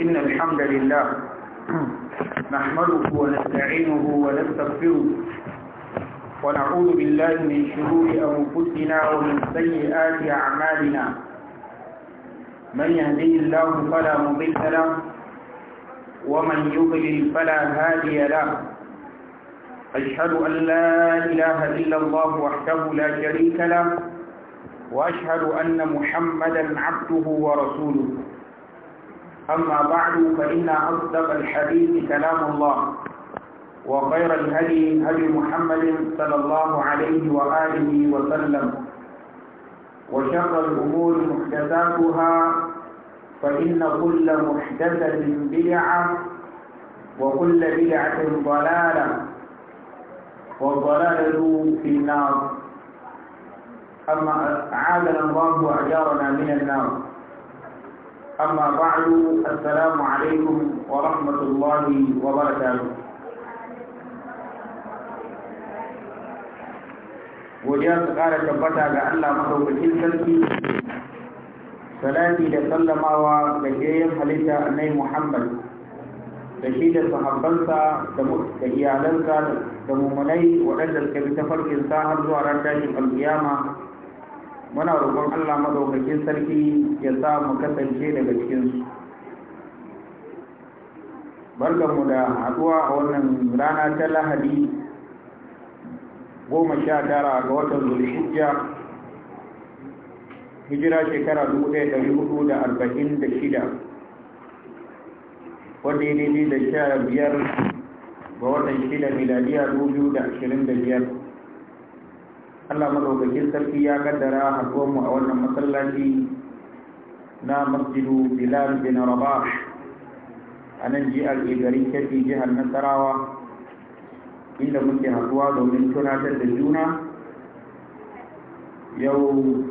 إن الحمد لله نحمده ونستعينه ونستغفره ونعوذ بالله من شرور أنفسنا ومن سيئات أعمالنا من يهدي الله فلا مضل له ومن يضلل فلا هادي له أشهد أن لا إله إلا الله وحده لا شريك له وأشهد أن محمدا عبده ورسوله أما بعد فإن أصدق الحديث كلام الله وخير الهدي هدي محمد صلى الله عليه وآله وسلم وشر الأمور محدثاتها فإن كل محدثة بدعة وكل بدعة ضلالة والضلالة في النار أما أعاذنا الله وأجارنا من النار أما بعد السلام عليكم ورحمة الله وبركاته وجاءت قال تبتا لألا مخوف تلك سلاتي لسلم وكي خليت أني محمد تشيد صحبنتا تهيالنتا تمومني وعزلك بتفرق ساهم زوارتا في القيامة muna roƙon Allah madaukakin sarki ya sa mu kasance daga cikinsu barkanmu da haɗuwa a wannan rana ta lahadi goma sha tara ga watan zulhijja hijira shekara dubu ɗaya ɗari hudu da arba'in da shida wanda ya daidai da sha biyar ga watan shida miladiya dubu biyu da ashirin da biyar Allah madaukakin sarki ya kaddara haduwar mu a wannan masallaci na masjidu Bilal bin Rabah a nan jihar garin jihar Nasarawa inda muke haduwa domin tunatar da juna yau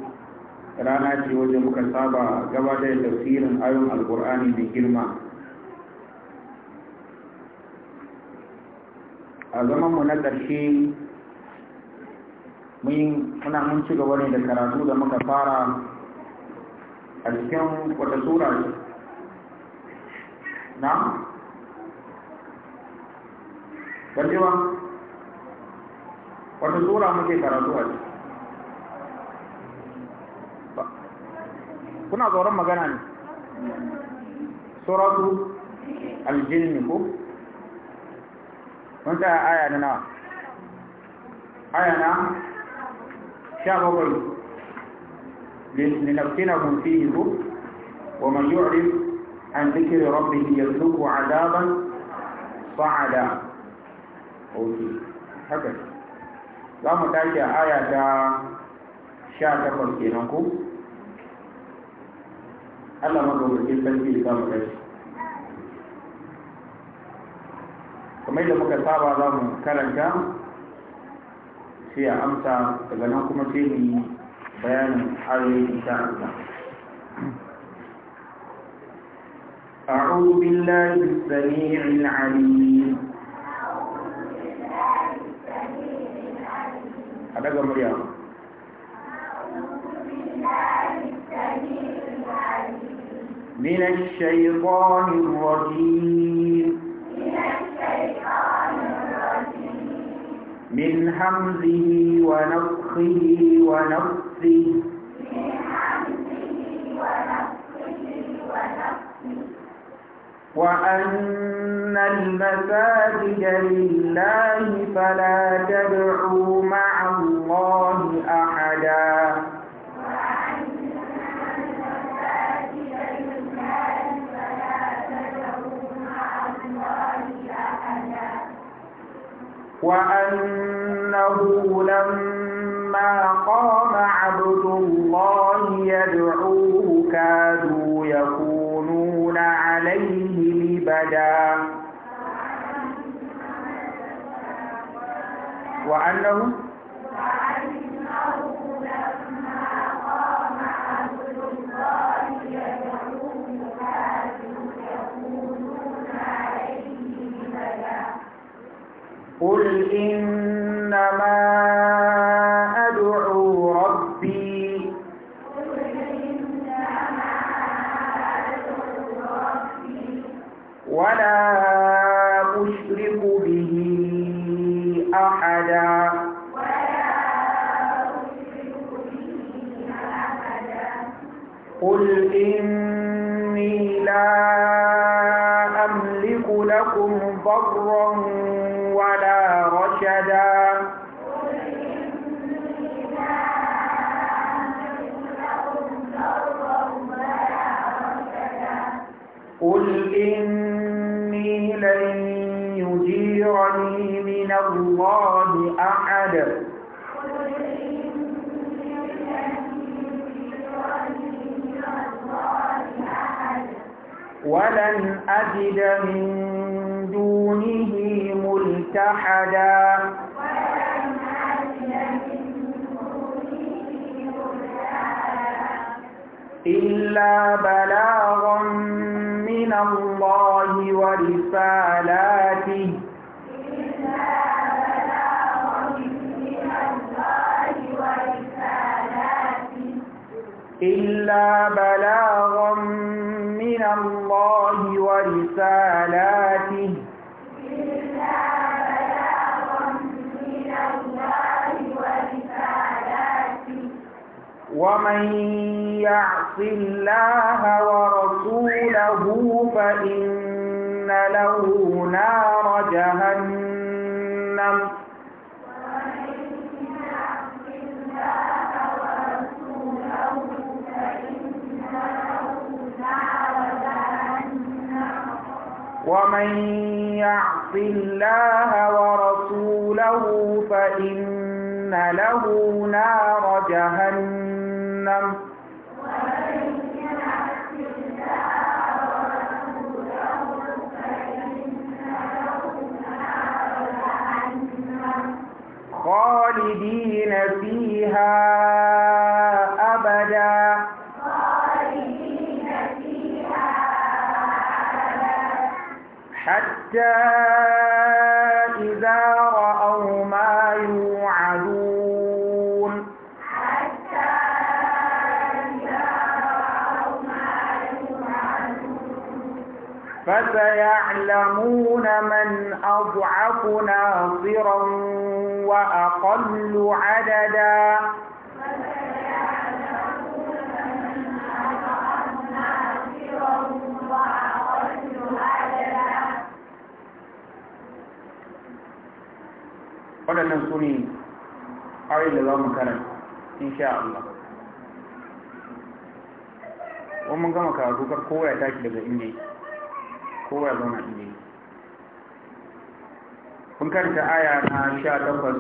rana ce wajen muka saba gabatar da tafsirin ayon alkur'ani da girma a zamanmu na ƙarshe mun muna mun ci gaba ne da karatu da muka fara a cikin wata sura na gajewa wata sura muke karatu a ciki kuna tsoron magana ne suratu aljini ko mun tsaya aya na nawa aya na sha bakwai linaftinahum fihi ko wa man yu'rid an dhikri rabbih yarzuqu adaban haka za mu tashi a aya ta sha takwas kenan ko Allah magabacin sarki za mu tashi kamar da muka saba za mu karanta sai a amsa daga nan kuma sai mu yi bayanin ayoyi insha Allah أعوذ بالله السميع العليم أدق مريم من الشيطان الرجيم من حمزه ونفخه ونفسه وأن المساجد لله فلا تدعوا مع الله أحداً وأنه لما قام عبد الله يدعوه كادوا يكونون عليه لبدا وأنه قل إنما أدعو ربي ولا أشرك به أحدا قل إني لا أملك لكم ضرا قل إني لن يجيرني من الله أحد ولن أجد من دونه ملتحدا إلا بلاغا من الله ورسالاته إلا بلاغا من الله ورسالاته ومن يعص الله ورسوله فإن له نار جهنم ومن يعص الله ورسوله فإن له نار جهنم خالدين فيها أبدا حتى إذا رأوا ما يوعدون حتى إذا رأوا ما يوعدون فسيعلمون من أضعف ناصرا وأقل عددا waɗannan su ne ayoyin da za mu in insha Allah wani mun gama karatu kar kowa ya tashi daga inda kowa ya zauna inda kun karanta aya na sha takwas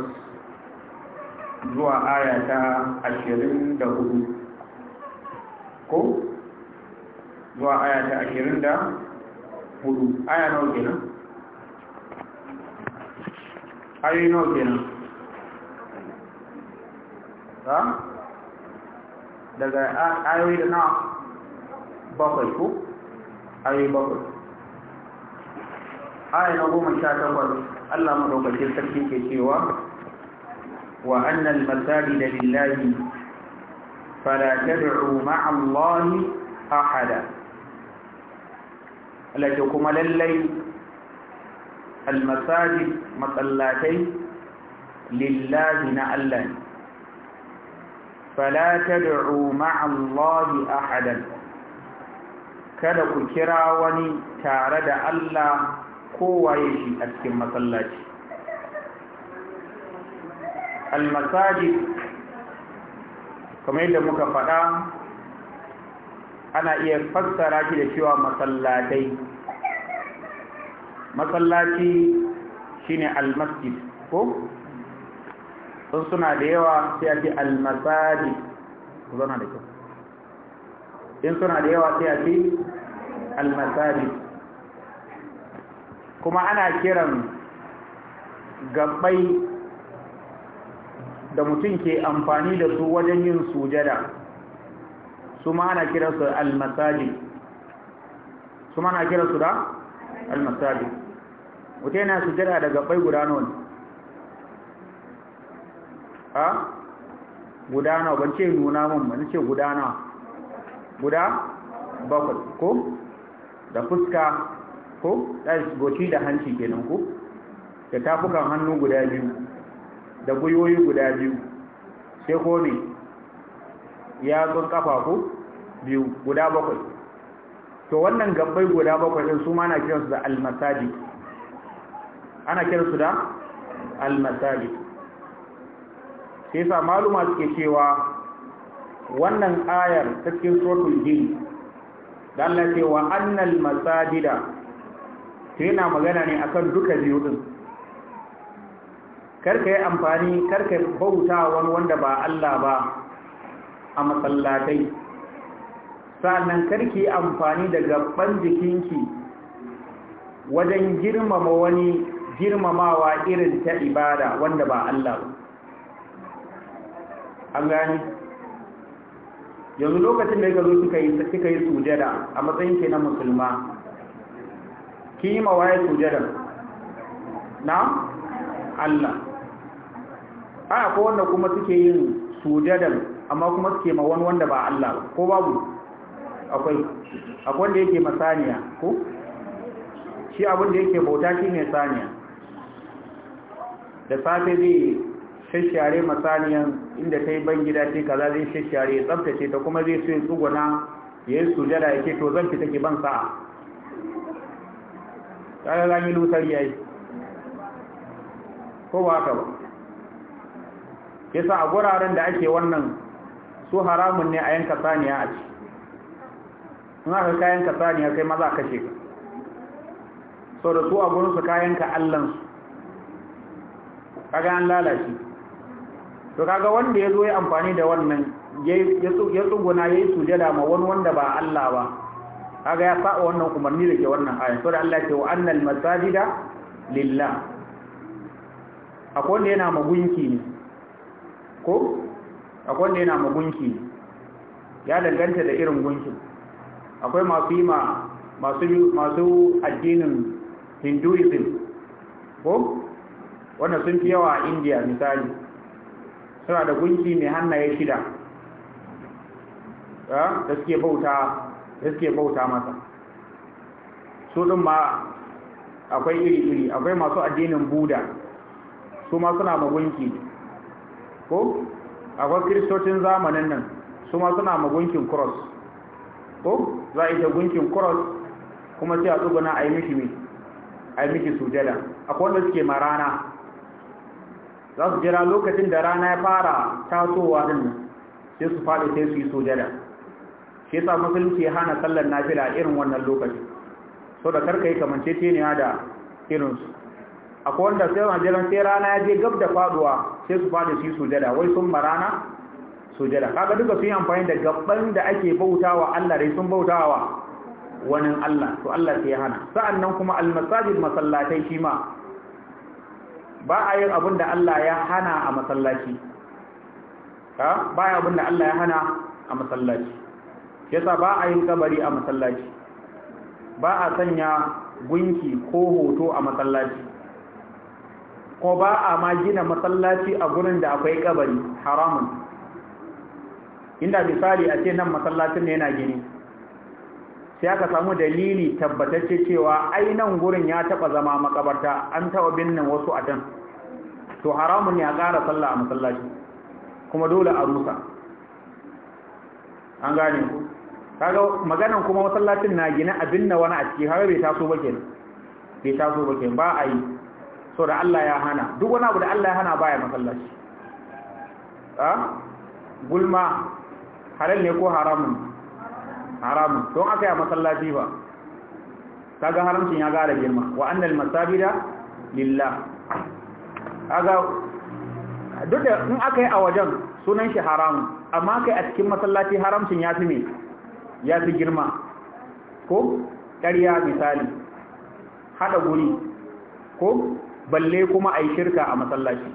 zuwa aya ta ashirin da hudu ko zuwa aya ta ashirin da hudu aya na kenan ayoyi nawa kenan ha daga ayoyi da na bakwai ko ayoyi bakwai aya na goma sha takwas Allah madaukakin sarki ke cewa wa annal masajida lillahi fala tad'u ma'a Allah ahada Allah kuma lallai almasajid masallatai lillahi na Allah ne fala tad'u ma'a Allahi ahadan kada ku kira wani tare da Allah kowaye shi a cikin masallaci almasajid kamar yadda muka faɗa ana iya fassara shi da cewa masallatai masallaci shine almasjid ko sun suna da yawa sai a ce almasaji ku zauna da kyau in suna da yawa sai a ce almasaji kuma ana kiran gabbai da mutum ke amfani da su wajen yin sujada su ma ana kiransu almasaji su ma ana kiransu da almasaji mutum yana sujjada da gabbai guda nawa ne a guda nawa ban ce nuna mun ban ce guda nawa guda bakwai ko da fuska ko da goci da hanci kenan ko da tafukan hannu guda biyu da gwiwoyi guda biyu sai ko ne zo kafa ko biyu guda bakwai to wannan gabbai guda bakwai din su ma na kiransu da almasajid ana su da almasajid sai yasa maluma suke cewa wannan ayar ta cikin suratul jin da Allah ce wa annal masajida to yana magana ne akan duka biyu din karka yi amfani karka bauta wani wanda ba Allah ba a masallatai sannan karki amfani da gaban jikinki wajen girmama wani girmamawa irin ta ibada wanda ba Allah ba an gani yanzu lokacin da ya zo suka yi suka yi sujada a matsayin ke na musulma kima waye sujada na Allah a ko wanda kuma suke yin sujada amma kuma suke ma wani wanda ba Allah ba ko babu akwai akwai wanda yake masaniya ko shi abin da yake bauta shi ne saniya da safe zai shashare masaniyan inda ta yi ban gida ce kaza zai shashare tsabtace ta kuma zai so tsuguna ya yi sujada ya ce to zan fita ki ban sa'a ƙarar an yi lusar yayi ko ba haka ba yasa a guraren da ake wannan su haramun ne a yanka saniya a ci in aka kayan ka saniya kai maza kashe ka so da su a gurinsu kayan ka allansu kaga an lalace to kaga wanda ya zo ya amfani da wannan ya tsuguna ya yi sujada ma wani wanda ba Allah ba kaga ya sa'a wannan umarni da ke wannan aya to da Allah ce wa annal masajida lillah akwai wanda yana magunki ne ko akwai wanda yana magunki ne ya danganta da irin gunkin akwai masu yi ma masu addinin hinduism ko wanda sun fi yawa a indiya misali suna da gunki mai hannaye shida da suke bauta da suke bauta masa su ɗin ma akwai iri-iri akwai masu addinin buda su ma suna magunki ko akwai kiristocin zamanin nan su ma suna magunkin cross ko za a ita gunkin cross kuma sai a tsuguna a yi mishi mai a yi mishi sujada akwai wanda suke marana za su jira lokacin da rana ya fara tasowa din sai su faɗi sai su yi sujada shi yasa musulunci hana sallar nafila irin wannan lokaci so da karka yi ne da irinsu akwai wanda sai wani jiran sai rana ya je gab da faduwa sai su faɗi su yi sujada wai sun ma rana sujada kaga duka sun yi amfani da gaban da ake bautawa Allah dai sun bautawa wani Allah to Allah sai ya hana sa'annan kuma almasajid masallatai shi ma ba a yin abin da Allah ya hana a masallaci ba a abin da Allah ya hana a masallaci yasa ba a yin kabari a masallaci ba a sanya gunki ko hoto a masallaci ko ba a ma gina masallaci a gurin da akwai kabari haramun inda misali a ce nan masallacin ne yana gini sai aka samu dalili tabbatacce cewa ai nan gurin ya taba zama makabarta an taba binnin wasu a can to haramun ya ƙara sallah a masallaci kuma dole a rusa an gane ku kaga maganan kuma masallacin na gina a binne wani a ciki har bai taso ba kenan bai taso ba kenan ba a yi so da Allah ya hana duk wani abu da Allah ya hana baya masallaci ah? gulma halal ne ko haramun haramun don aka yi masallaci ba kaga haramcin ya gara girma wa annal masabida lillah kaga duk da in aka yi a wajen sunan shi haramun amma kai a cikin masallaci haramcin ya fi me ya fi girma ko ƙarya misali hada guri ko balle kuma a yi shirka a masallaci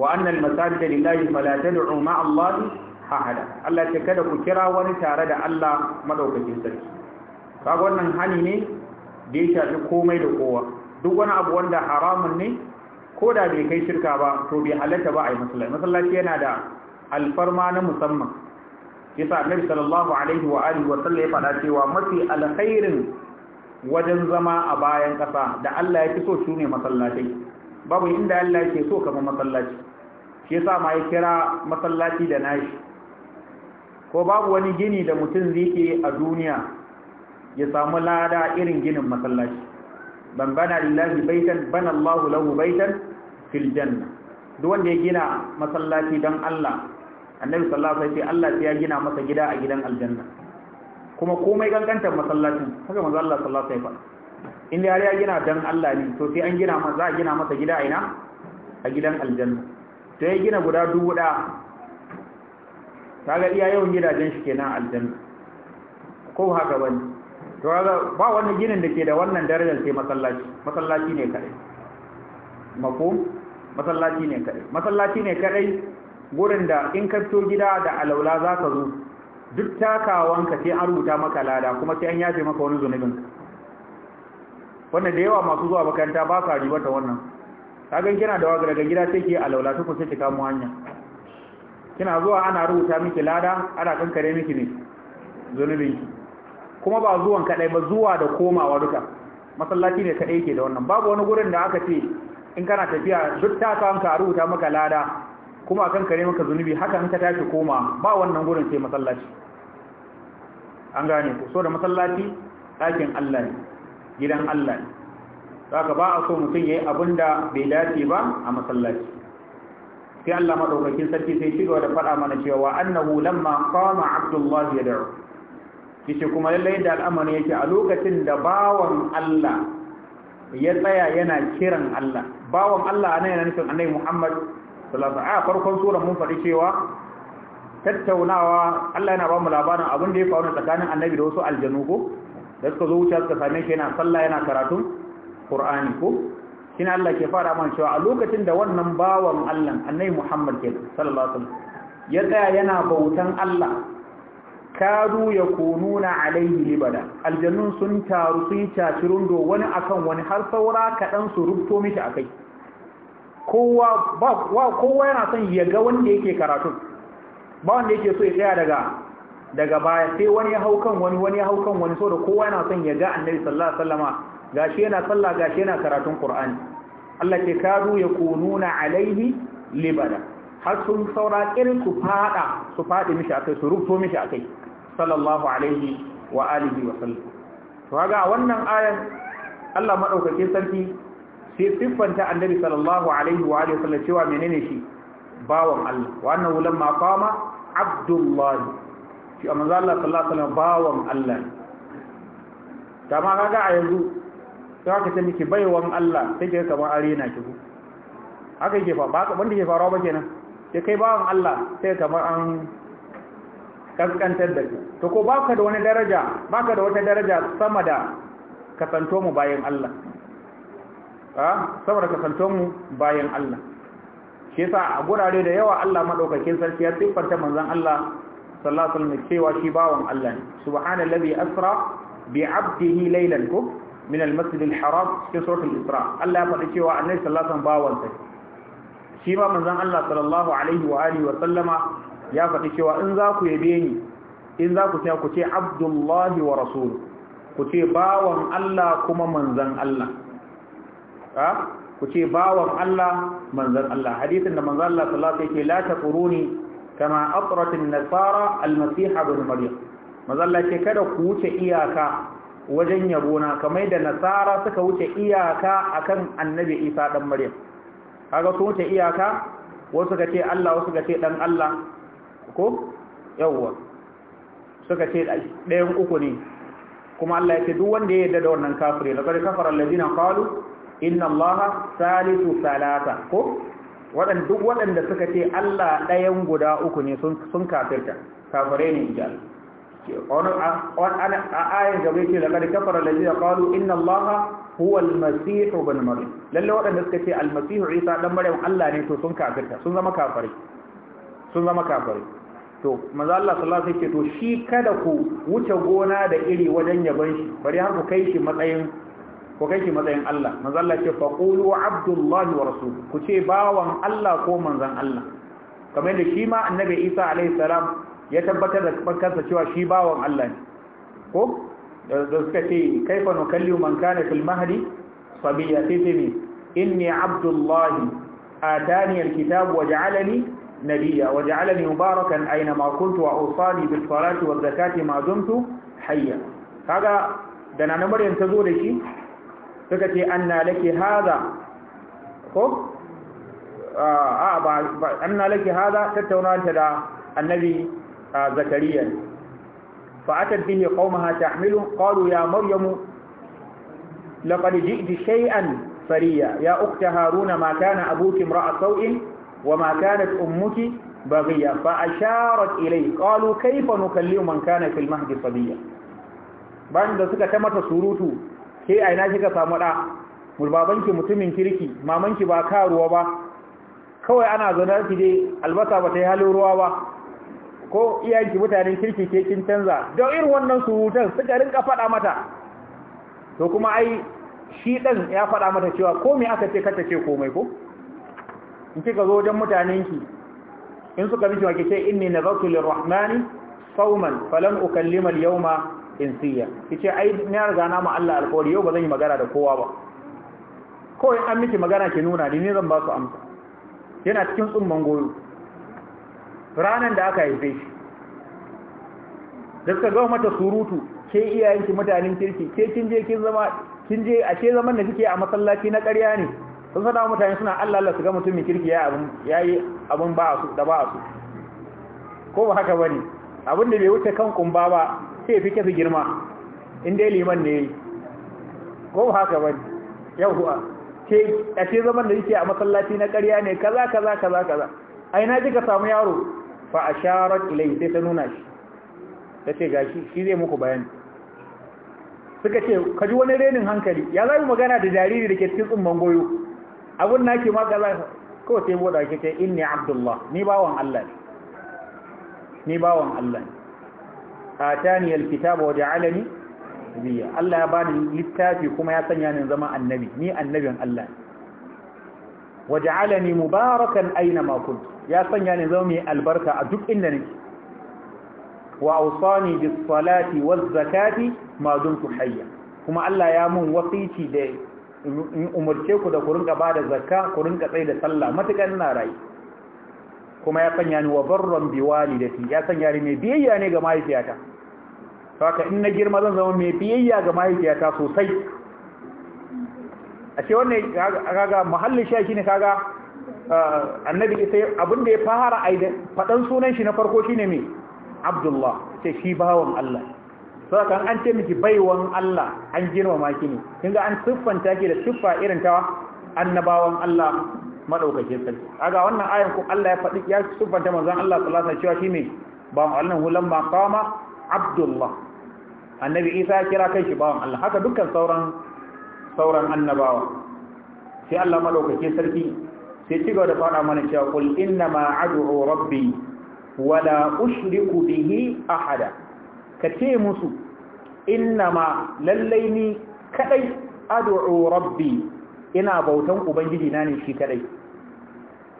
wa annal masabida lillahi fala tad'u allahi ahada Allah ce kada ku kira wani tare da Allah madaukakin sarki kaga wannan hani ne da ya shafi komai da kowa duk wani abu wanda haramun ne ko da bai kai shirka ba to bai halatta ba a yi masallaci masallaci yana da alfarma na musamman yasa annabi sallallahu alaihi wa alihi wa sallam ya fada cewa mafi alkhairin wajen zama a bayan kasa da Allah ya fi so shine masallaci. babu inda Allah yake so kamar masallaci shi yasa ma ya kira masallaci da nashi ko babu wani gini da mutum zai ke a duniya ya samu lada irin ginin masallaci ban bana lillahi baitan bana Allahu lahu baitan fil janna duk wanda ya gina masallaci don Allah annabi sallallahu alaihi wasallam Allah sai ya gina masa gida a gidan aljanna kuma komai gangantar masallacin haka manzo Allah sallallahu alaihi wasallam in da ya gina dan Allah ne to sai an gina masa za a gina masa gida a ina a gidan aljanna to ya gina guda dubu da kaga iya yawan gidajen shi kenan aljanna ko haka bane to kaga ba wani ginin da ke da wannan darajar sai masallaci masallaci ne kadai mako masallaci ne kadai masallaci ne kadai gurin da in ka fito gida da alaula za ka zo duk ka sai an rubuta maka lada kuma sai an yafe maka wani zunubin wanda da yawa masu zuwa makaranta ba sa riba ta wannan kaga kina da daga gida sai ke alaula ku sai ki kamo hanya kina zuwa ana rubuta miki lada ana kankare miki ne zunubin kuma ba zuwan kadai ba zuwa da komawa duka masallaci ne kadai ke da wannan babu wani gurin da aka ce in kana tafiya duk ta ka ka rubuta maka lada kuma akan kare maka zunubi haka in ka tashi koma ba wannan gurin sai masallaci an gane ku so da masallaci ɗakin Allah ne gidan Allah ne saka ba a so mutum ya yi yayi da bai dace ba a masallaci sai Allah madaukakin sarki sai ci gaba da faɗa mana cewa annahu lamma qama abdullahi yad'u kishi kuma lalle da al'amari yake a lokacin da bawan Allah ya tsaya yana kiran Allah bawan Allah ne yana nufin annabi Muhammad sallallahu alaihi wasallam a farkon sura mun faɗi cewa tattaunawa Allah yana ba mu labarin abin da ya faru tsakanin annabi da wasu aljanu ko da suka zo wuce suka same shi yana sallah yana karatun Qur'ani ko shine Allah ke fara man cewa a lokacin da wannan bawan Allah annabi Muhammad ke sallallahu alaihi wasallam ya tsaya yana bautan Allah kadu kununa alaihi libada aljannun sun taru sun yi do wani akan wani har saura kadan su rubto mishi akai kowa ba kowa yana son ya ga wanda yake karatu ba wanda yake so ya tsaya daga daga baya sai wani ya haukan wani wani ya haukan wani so da kowa yana son ya ga annabi sallallahu alaihi wasallama gashi yana sallah gashi yana karatun qur'ani Allah ke kadu kununa alaihi libada har sun saura irin su fada su fadi mishi akai su rubto mishi akai sallallahu alaihi wa alihi wa sallam to kaga wannan ayan Allah madaukake sarki sai siffanta annabi sallallahu alaihi wa alihi wa sallam cewa menene shi bawan Allah wa annahu lamma qama abdullah shi manzo Allah sallallahu alaihi wa sallam bawan Allah kama kaga a yanzu sai aka ce miki baiwan Allah sai ke kamar arena ki ku haka yake fa ba wanda ke faruwa ba kenan sai kai bawan Allah sai kamar an kaskantar da shi to ko baka da wani daraja baka da wata daraja sama da kasanto mu bayan Allah sama da kasanto mu bayan Allah shi yasa a gurare da yawa Allah madaukakin sarki ya siffanta manzon Allah sallallahu alaihi wasallam cewa shi bawan Allah ne subhanallazi asra bi abdihi laylan ko min al-masjid al-haram cikin suratul isra Allah ya faɗi cewa annabi sallallahu alaihi wasallam bawan shi ma manzon Allah sallallahu alaihi wa alihi wa sallama ya faɗi cewa in za ku yabe ni in za ku ce ku ce abdullahi wa rasul ku ce bawan Allah kuma manzon Allah ha ku ce bawan Allah manzon Allah hadisin da manzon Allah sallallahu alaihi wa sallam yake la taquruni kama atrat an-nasara al-masih ibn maryam manzon Allah ce kada ku wuce iyaka wajen yabona kamar da nasara suka wuce iyaka akan annabi isa dan maryam kaga sun wuce iyaka wasu suka ce Allah wasu suka ce dan Allah ko yawwa suka ce ɗayan uku ne kuma Allah ya ce duk wanda ya yarda da wannan kafire la qad kafara allazina qalu inna allaha salisu salata ko wadan duk wadanda suka ce Allah ɗayan guda uku ne sun sun kafirta kafire ne inji wani ayin gaba yake da kada kafara da jiya kalu inna allaha huwa almasihu bin maryam lalle wadanda suka ce almasihu isa dan maryam allah ne to sun kafirta sun zama kafari sun zama kafari to manzo allah sallallahu alaihi wasallam to shi kada ku wuce gona da iri wajen yaban shi bari har ku kai shi matsayin ku kai shi matsayin allah manzo allah ce faqulu abdullahi wa rasul ku ce bawan allah ko manzon allah kamar da shi ma annabi isa alaihi salam ya tabbatar da kansa cewa shi bawan Allah ne ko da suka ce kaifa nukallimu man kana fil mahdi sabiya titimi inni abdullahi atani alkitab wa ja'alani nabiyya wa ja'alani mubarakan aina ma kuntu wa usali bil salati wa zakati ma dumtu hayya kaga da nana maryam ta zo da shi suka ce anna laki hada ko ah, ah, a ba anna laki hada tattauna ta da annabi A zakariya fa atad bihi qaumaha tahmilu qalu ya maryam laqad ji'ti shay'an fariya ya ukhta haruna ma kana abuki imra'a sawin wa ma kanat ummuki baghiya fa asharat ilay qalu kayfa nukallimu man kana fil mahdi sabiya banda suka tamata surutu ke aina kika samu ɗa? gurbabanki mutumin kirki mamanki ba ruwa ba kawai ana zanarki dai albasa ba yi halin ruwa ba ko iyayenki mutanen kirki ke kin canza don irin wannan surutan suka rinka faɗa mata to kuma ai shi ɗan ya faɗa mata cewa ko aka ce kata ce komai ko in kika zo wajen mutanenki in suka miki wa kike inni nazartu lirrahmani sauman falan ukallima al insiya kice ai na riga na ma Allah alƙawari yau ba zan yi magana da kowa ba ko in an miki magana ki nuna ni ne zan ba su amsa yana cikin tsumman goyo ranan da aka haife shi da suka ga mata surutu ke ki mutanen kirki ke kin je kin zama kin je ce zaman da kike a masallaci na ƙarya ne sun sada mutane suna Allah Allah su ga mutumin kirki ya abun yayi abun ba su da ba su ko ba haka bane abin da bai wuce kan kumba ba sai fi kafi girma in dai liman ne ko ba haka bane yauwa ke ce zaman da kike a masallaci na ƙarya ne kaza kaza kaza kaza ai na ji ka samu yaro fa asharat ilayhi sai ta nuna shi tace gashi shi zai muku bayani suka ce ka ji wani renin hankali ya zai magana da jariri da ke cikin tsumman goyo abun nake ma kaza kawai sai boda ke ce inni abdullah ni bawan Allah ne ni bawan Allah ne atani alkitaba wa ja'alani nabiyya Allah ya bani littafi kuma ya sanya ni zama annabi ni annabin Allah ne waj'alani mubarakan aina ma kunt ya sanya ni zama mai albarka a duk inda nake wa awsani bis salati waz zakati ma dumtu hayya kuma Allah ya mun wasici da in umarce ku da ku rinka bada zakka ku rinka tsaye da sallah matakan ina rayi kuma ya sanya ni wa barran bi walidati ya sanya ni mai biyayya ne ga mahaifiyata saka in na girma zan zama mai biyayya ga mahaifiyata sosai a ce wannan kaga mahallin shi shine kaga eh, annabi sai abin da ya fara fadan sunan shi na farko shine me Abdullah sai shi bawon Allah kan an ce miki baiwan Allah an girmama ki ne kinga an siffanta ki da siffa irin ta annabawan Allah madaukakin sarki kaga wannan ayan ku Allah ya fadi ya siffanta manzon Allah sallallahu alaihi wasallam cewa shine bawon Allah hulan ma qama Abdullah annabi Isa ya kira kai shi bawon Allah haka dukkan sauran sauran annabawa sai Allah madaukake sarki sai ci da faɗa mana cewa kul inna ma ad'u rabbi la ushriku bihi ahada ka ce musu inna ma lallai ni kadai ad'u rabbi ina bautan ubangiji na ne shi kadai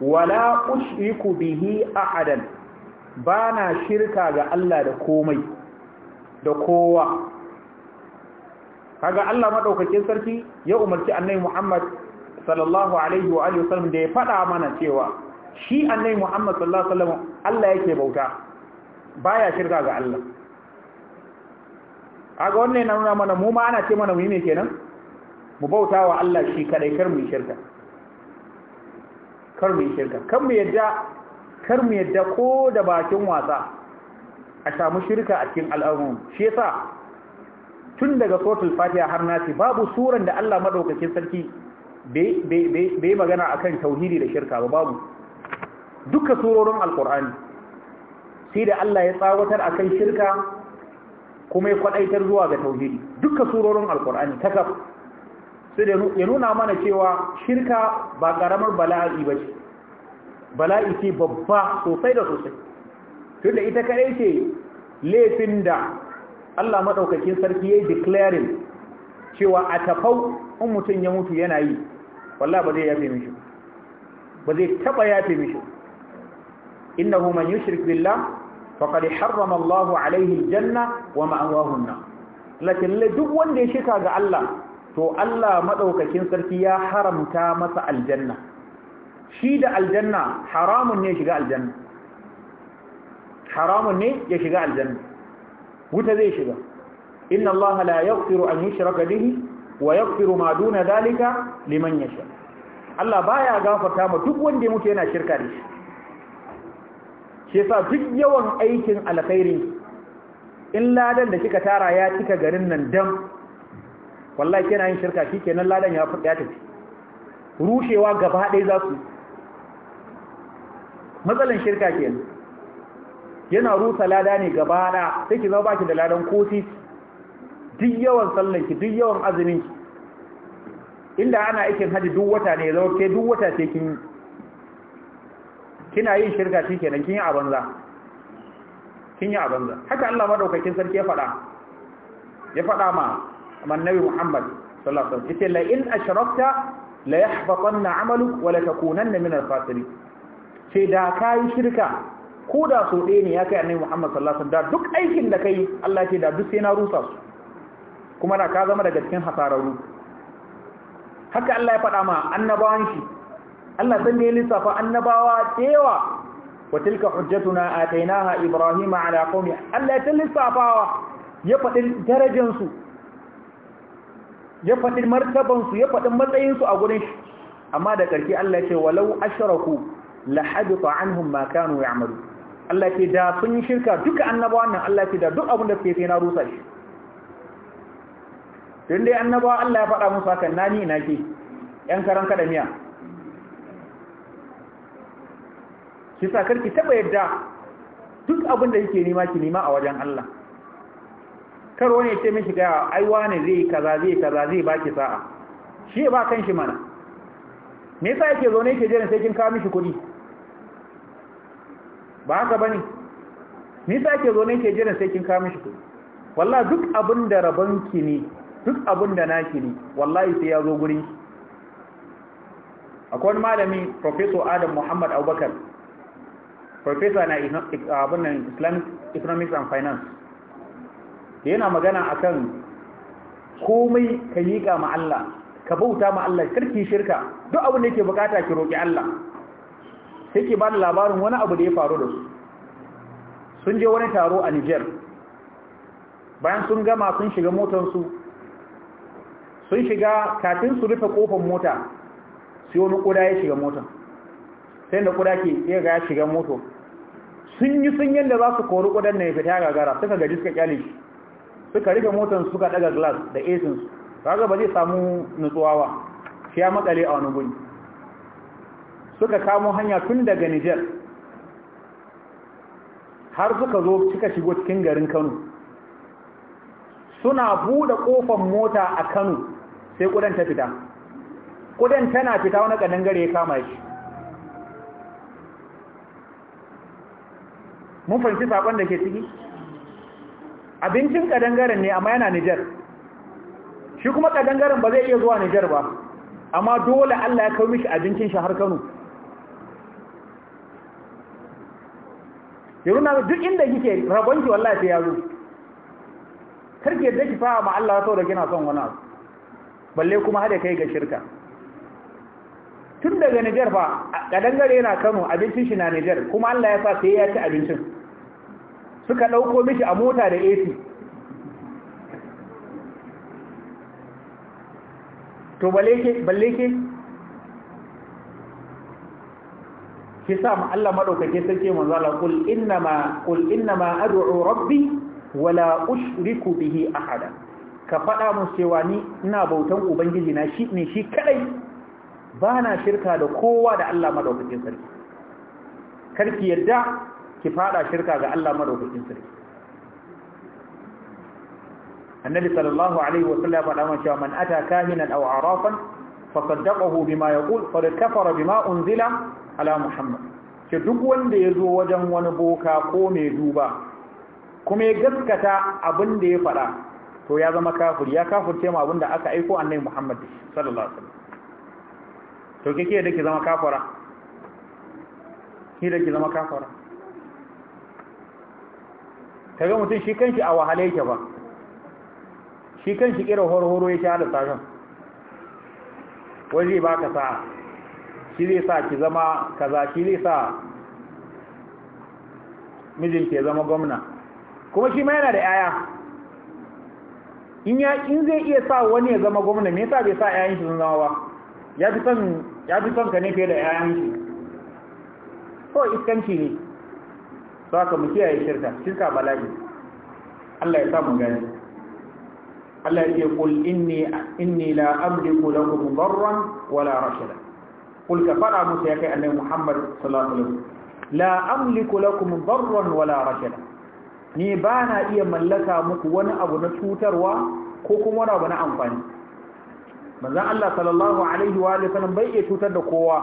wala ushriku bihi ahadan bana shirka ga Allah da komai da kowa kaga Allah madaukakin sarki ya umarci annabi Muhammad sallallahu alaihi wa alihi wasallam da ya fada mana cewa shi annabi Muhammad sallallahu alaihi wasallam Allah yake bauta baya shirka ga Allah kaga wannan yana nuna mana mu ma ana ce mana mu yi ne kenan mu bauta wa Allah shi kadai kar mu yi shirka kar mu yi shirka kar mu yadda kar mu yadda ko da bakin wasa a samu shirka a cikin al'amuran shi yasa tun daga suratul fatiha har nasi babu suran da Allah madaukakin sarki bai magana a kan tauhidi da shirka ba babu duka surorin alkur'ani sai da Allah ya tsawatar a kan shirka kuma ya kwadaitar zuwa ga tauhidi duka surorin alkur'ani takaf sai da ya nuna mana cewa shirka ba karamar bala'i ba ce bala'i ce babba sosai da sosai tun da ita kaɗai ce laifin da Allah madaukakin sarki ya yi declaring cewa a tafau in mutum ya mutu yana yi wallahi ba zai yafe mishi ba zai taba yafe mishi innahu man yushrik billah faqad harrama Allahu alayhi aljanna wa ma'awahu an-nar duk wanda ya shika ga Allah to Allah maɗaukakin sarki ya haramta masa aljanna shi da aljanna haramun ne shiga aljanna haramun ne ya shiga aljanna wuta zai shiga inna allaha la yaghfiru an yushraka bihi wa yaghfiru ma duna zalika liman yasha Allah baya gafarta ma duk wanda ya mutu yana shirka da shi shi yasa duk yawan aikin alkhairi in ladan da kika tara ya cika garin nan dam wallahi kina yin shirka shikenan ladan ya fada tafi rushewa gaba ɗaya za su matsalan shirka kenan yana rusa lada ne gaba da sai ki zama baki da ladan kosi duk yawan sallanki duk yawan azumin inda ana aikin haji duk wata ne zama ke duk wata ce kin kina yin shirka shi kenan kin yi a banza kin yi a banza haka Allah madaukakin sarki ya faɗa ya faɗa ma annabi Muhammad sallallahu alaihi wasallam yace la in ashrakta la yahbatanna amaluk wa la takunanna min al-khasirin sai da kai shirka ko da so ɗaya ne ya kai annabi Muhammad sallallahu alaihi wasallam duk aikin da kai Allah ce da duk sai na rusa su kuma da ka zama daga cikin hasararru haka Allah ya faɗa ma annabawan shi Allah san ya lissafa annabawa cewa wa tilka hujjatuna atainaha ibrahima ala qaumi Allah ya lissafawa ya faɗi darajar su ya faɗi martaban su ya faɗi matsayin su a gurin shi amma da ƙarfi Allah ya ce walau ashraku la hadita anhum ma kanu ya'malu Allah ke da sun yi shirka duka annabawa nan Allah ke da duk abin da suke sai na rusa shi tun dai annabawa Allah ya faɗa musu hakan na ni ina ke yan karan kada miya shi sa karki taɓa yadda duk abin da yake nima ki nima a wajen Allah kar wani ya ce mishi ga ai wani zai kaza zai kaza zai baki sa'a shi ba kan shi mana me yasa yake zaune yake jira sai kin kawo mishi kuɗi ba haka bane ni sa ke zo ne ke jiran sai kin kama shi kuɗi wallahi duk abin da rabon ki ne duk abin da naki ne wallahi sai ya zo gurin ki akwai wani malami professor Adam Muhammad Abubakar professor na abin nan Islamic Economics and Finance da yana magana akan komai ka miƙa ma Allah ka bauta ma Allah karki shirka duk abin da yake bukata ki roki Allah sai ke ba da labarin wani abu da ya faru da su sun je wani taro a niger bayan sun gama sun shiga motansu sun shiga kafin su rufe kofar mota sai wani kuda ya shiga motar sai da kuda ke ya ga ya shiga moto sun yi sun yadda za su kori kudan na ya fita gagara suka gaji suka kyale shi suka rufe motan suka daga glass da esinsu kaga ba zai samu nutsuwa ba shi ya matsale a wani guni suka kamo hanya tun daga Nijar har suka zo suka shigo cikin garin Kano suna buɗe kofar mota a Kano sai ƙudan ta fita ƙudan tana fita wani gare ya kama shi mun fahimci saƙon da ke ciki abincin ƙadangaren ne amma yana Nijar shi kuma ƙadangaren ba zai iya zuwa Nijar ba amma dole Allah ya kawo mishi abincin shi har Kano ki runa duk inda kike rabon ki wallahi sai ya zo karke da ki fa ma Allah saboda kina son wani abu balle kuma hada kai ga shirka tun daga Niger fa kadangare yana Kano abincin shi na Niger kuma Allah ya sa sai ya ci abincin suka dauko mishi a mota da AC to balle ke balle ke shi sa mu Allah madaukake sake manzo Allah kul innama kul innama ad'u rabbi wala ushriku bihi ahada ka fada mu cewa ni ina bautan ubangiji na shi ne shi kadai bana shirka da kowa da Allah madaukakin sarki karki yadda ki fada shirka ga Allah madaukakin sarki annabi sallallahu alaihi wa sallam faɗa man cewa man ata kahinan aw arafan fasaddaqahu bima yaqul faqad kafara bima unzila ala muhammad ke duk wanda ya zo wajen wani boka ko mai duba kuma ya gaskata abin da ya faɗa to ya zama kafir ya kafirce ma abin da aka aiko annabi muhammad sallallahu alaihi wasallam to kike da ke zama kafara kike da ke zama kafara kaga mutum shi kanshi a wahale yake ba shi kanshi kira horo-horo ya sha da shan waje ba ka sa'a shi zai sa ki zama kaza shi zai sa mijin ya zama gwamna kuma shi ma yana da 'ya'ya in ya in zai iya sa wani ya zama gwamna me yasa bai sa 'ya'yan shi sun zama ba ya fi son ya ka ne da 'ya'yan shi ko iskanci ne saka mu kiyaye shirka shirka balaji Allah ya sa mu gani Allah ya ce kul inni inni la amliku lakum darran wala rashada kul ka fara ya kai annabi Muhammad sallallahu alaihi wasallam la amliku lakum darran wala rashada ni ba na iya mallaka muku wani abu na cutarwa ko kuma wani abu na amfani manzon Allah sallallahu alaihi wa sallam bai iya cutar da kowa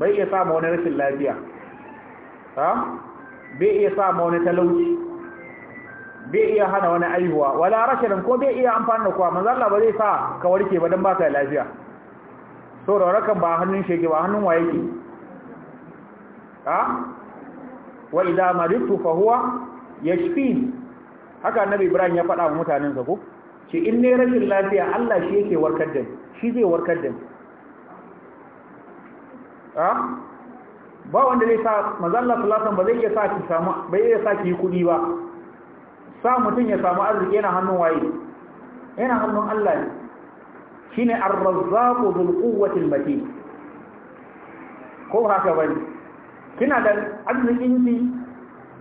bai iya sa wani rashin bai iya sa wani talauci bai iya hana wani aihuwa wala rashadan ko bai iya amfani da kowa manzon Allah ba zai sa ka warke ba dan ba ka lafiya so da rakan ba hannun shege ba hannun waye ke ha wa idza maridtu fa huwa yashfi haka annabi ibrahim ya faɗa wa mutanen sa ko ce in ne rashin lafiya Allah shi yake warkar da shi zai warkar da ha ba wanda zai sa manzo Allah sallallahu alaihi wasallam ba zai iya sa ki samu ba zai iya sa ki kudi ba sa mutun ya samu arziki yana hannun waye yana hannun Allah ne shine ar-razzaqu bil quwwati al-matin ko haka bane kina da arzikin ki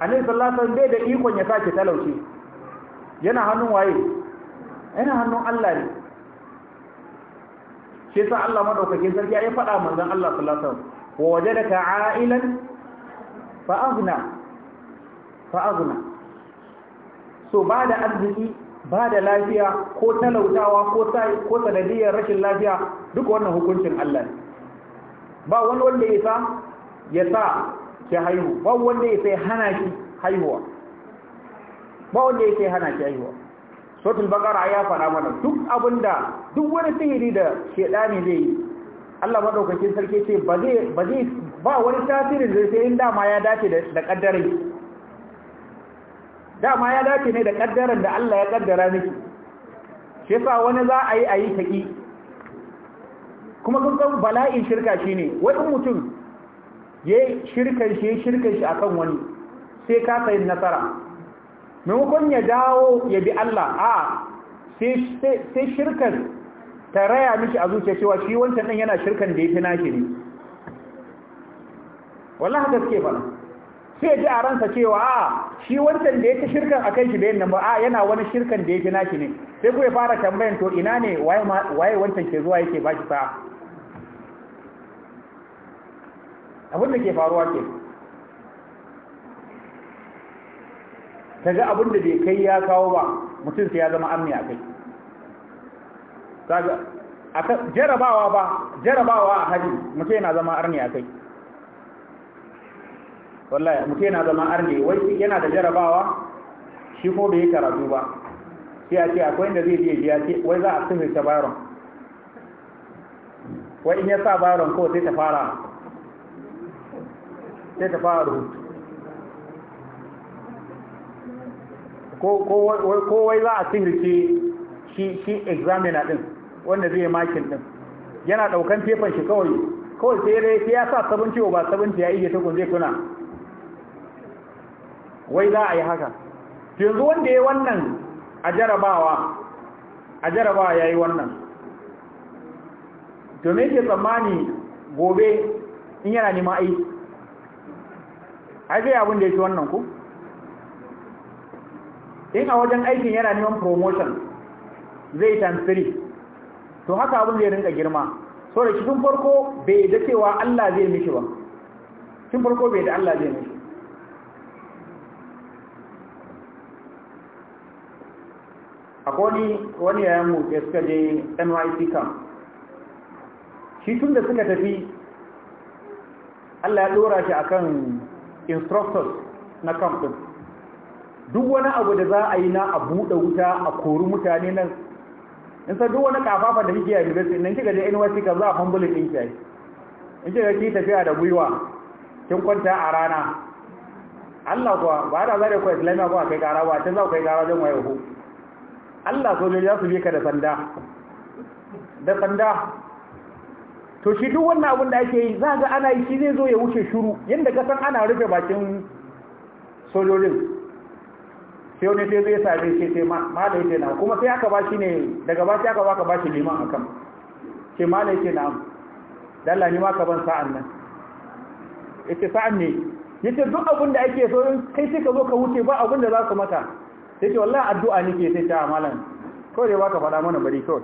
annabi sallallahu alaihi bai da ikon ya sake talauci yana hannun waye yana hannun Allah ne shi sa Allah madaukakin sarki ya faɗa manzon Allah sallallahu alaihi wasallam wa wajadaka a'ilan fa aghna so bada da ba da lafiya ko talautawa ko sanadiyar rashin lafiya duk wannan hukuncin Allah ba wani wanda ya sa ya sa ki haihu ba wanda ya sai hana ki haihuwa ba wanda ya sai hana shi haihuwa sotul bakara ya faɗa mana duk abinda duk wani sihiri da shedani zai yi Allah madaukakin sarki ce ba zai ba wani tasirin zai sai in dama ya dace da kaddarai dama ya dace ne da kaddaran da Allah ya kaddara miki shi yasa wani za a yi a yi taki kuma kun san bala'in shirka shi ne wani mutum ya shirkan shi ya shirkan shi akan wani sai ka sayi nasara maimakon ya dawo ya bi Allah a sai shirkan ta raya miki a zuciya cewa shi wancan ɗin yana shirkan da ya fi nashi ne wallaha gaske fara sai ji a ransa cewa a shi wancan da ya ci shirkan a kai shi bayan nan ba a yana wani shirkan da ya ji nashi ne sai ku ya fara tambayan to ina ne waye wancan ke zuwa yake bashi sa'a abin da ke faruwa ke ta ga abin da bai kai ya kawo ba mutum sai ya zama amni a kai jarabawa ba jarabawa a hajji mutum yana zama arni a kai wallahi mutum yana zama arne wai yana da jarabawa shi ko bai yi karatu ba sai a ce akwai inda zai je biya wai za a sihirta byron wai in ya sa byron ko sai ta fara sai ta fara rubutu ko wai za a sihirce shi shi examiner din wanda zai makin din yana daukan fefan shi kawai kawai sai dai sai ya sa sabon ciwo ba sabon ya iya tukun zai tuna wai za a yi haka yanzu wanda ya wannan a jarabawa a jarabawa ya yi wannan to me ke tsammani gobe in yana nema aiki aiki abin da ya ci wannan ku in a wajen aikin yana neman promotion zai tansiri to haka abin zai rinka girma so da cikin farko bai da cewa Allah zai mishi ba cikin farko bai da Allah zai mishi akwai wani yayin mu da suka je nyc camp shi tun da suka tafi allah ya dora shi akan instructors na camp din duk wani abu da za a yi na a buɗe wuta a kori mutane nan in sa duk wani kafafa da kike a university nan kika je nyc camp za a fambule din kai in kika ki tafiya da gwiwa kin kwanta a rana Allah kuwa ba da zare ku islamiya kuwa kai kara ba ta za ku kai kara don wayo hu Allah sojoji za su bi ka da sanda da sanda to shi duk wannan abin da ake yi za ga ana yi shi zai zo ya wuce shuru yadda ka san ana rufe bakin sojojin sai wani sai zai same ce sai mala yake na kuma sai aka ba shi ne daga shi aka ba ka ba shi liman akan ce mala yake na dalla ni ma ka ban sa'an nan Ita sa'an ne ce duk abin da ake so kai sai ka zo ka wuce ba abin da za su mata sai ce wallahi addu'a nake sai ta amalan kawai dai ka faɗa mana bari kawai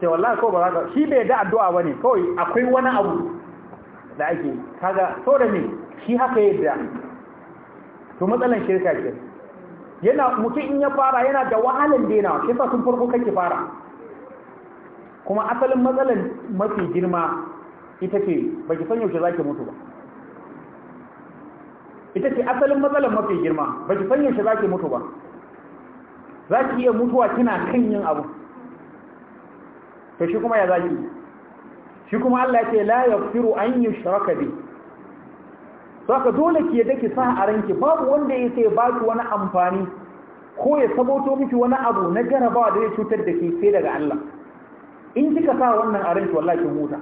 ce wallahi ko ba za ka shi bai da addu'a bane kawai akwai wani abu da ake kaga so da ne shi haka da, to matsalan shirka ke yana mutum in ya fara yana da wahalan daina shi sa sun farko kake fara kuma asalin matsalan mafi girma ita ce baki san yaushe zaki mutu ba ita ce asalin matsalar mafi girma ba ki sanya shi za ki mutu ba za ki iya mutuwa kina kan yin abu to shi kuma ya za ki shi kuma Allah ce la firu an shiraka bi za ka dole ki yadda ki sa a ranki babu wanda ya sai ba ki wani amfani ko ya saboto miki wani abu na jarabawa da ya cutar da ke sai daga Allah in kika sa wannan a ranki wallahi kin huta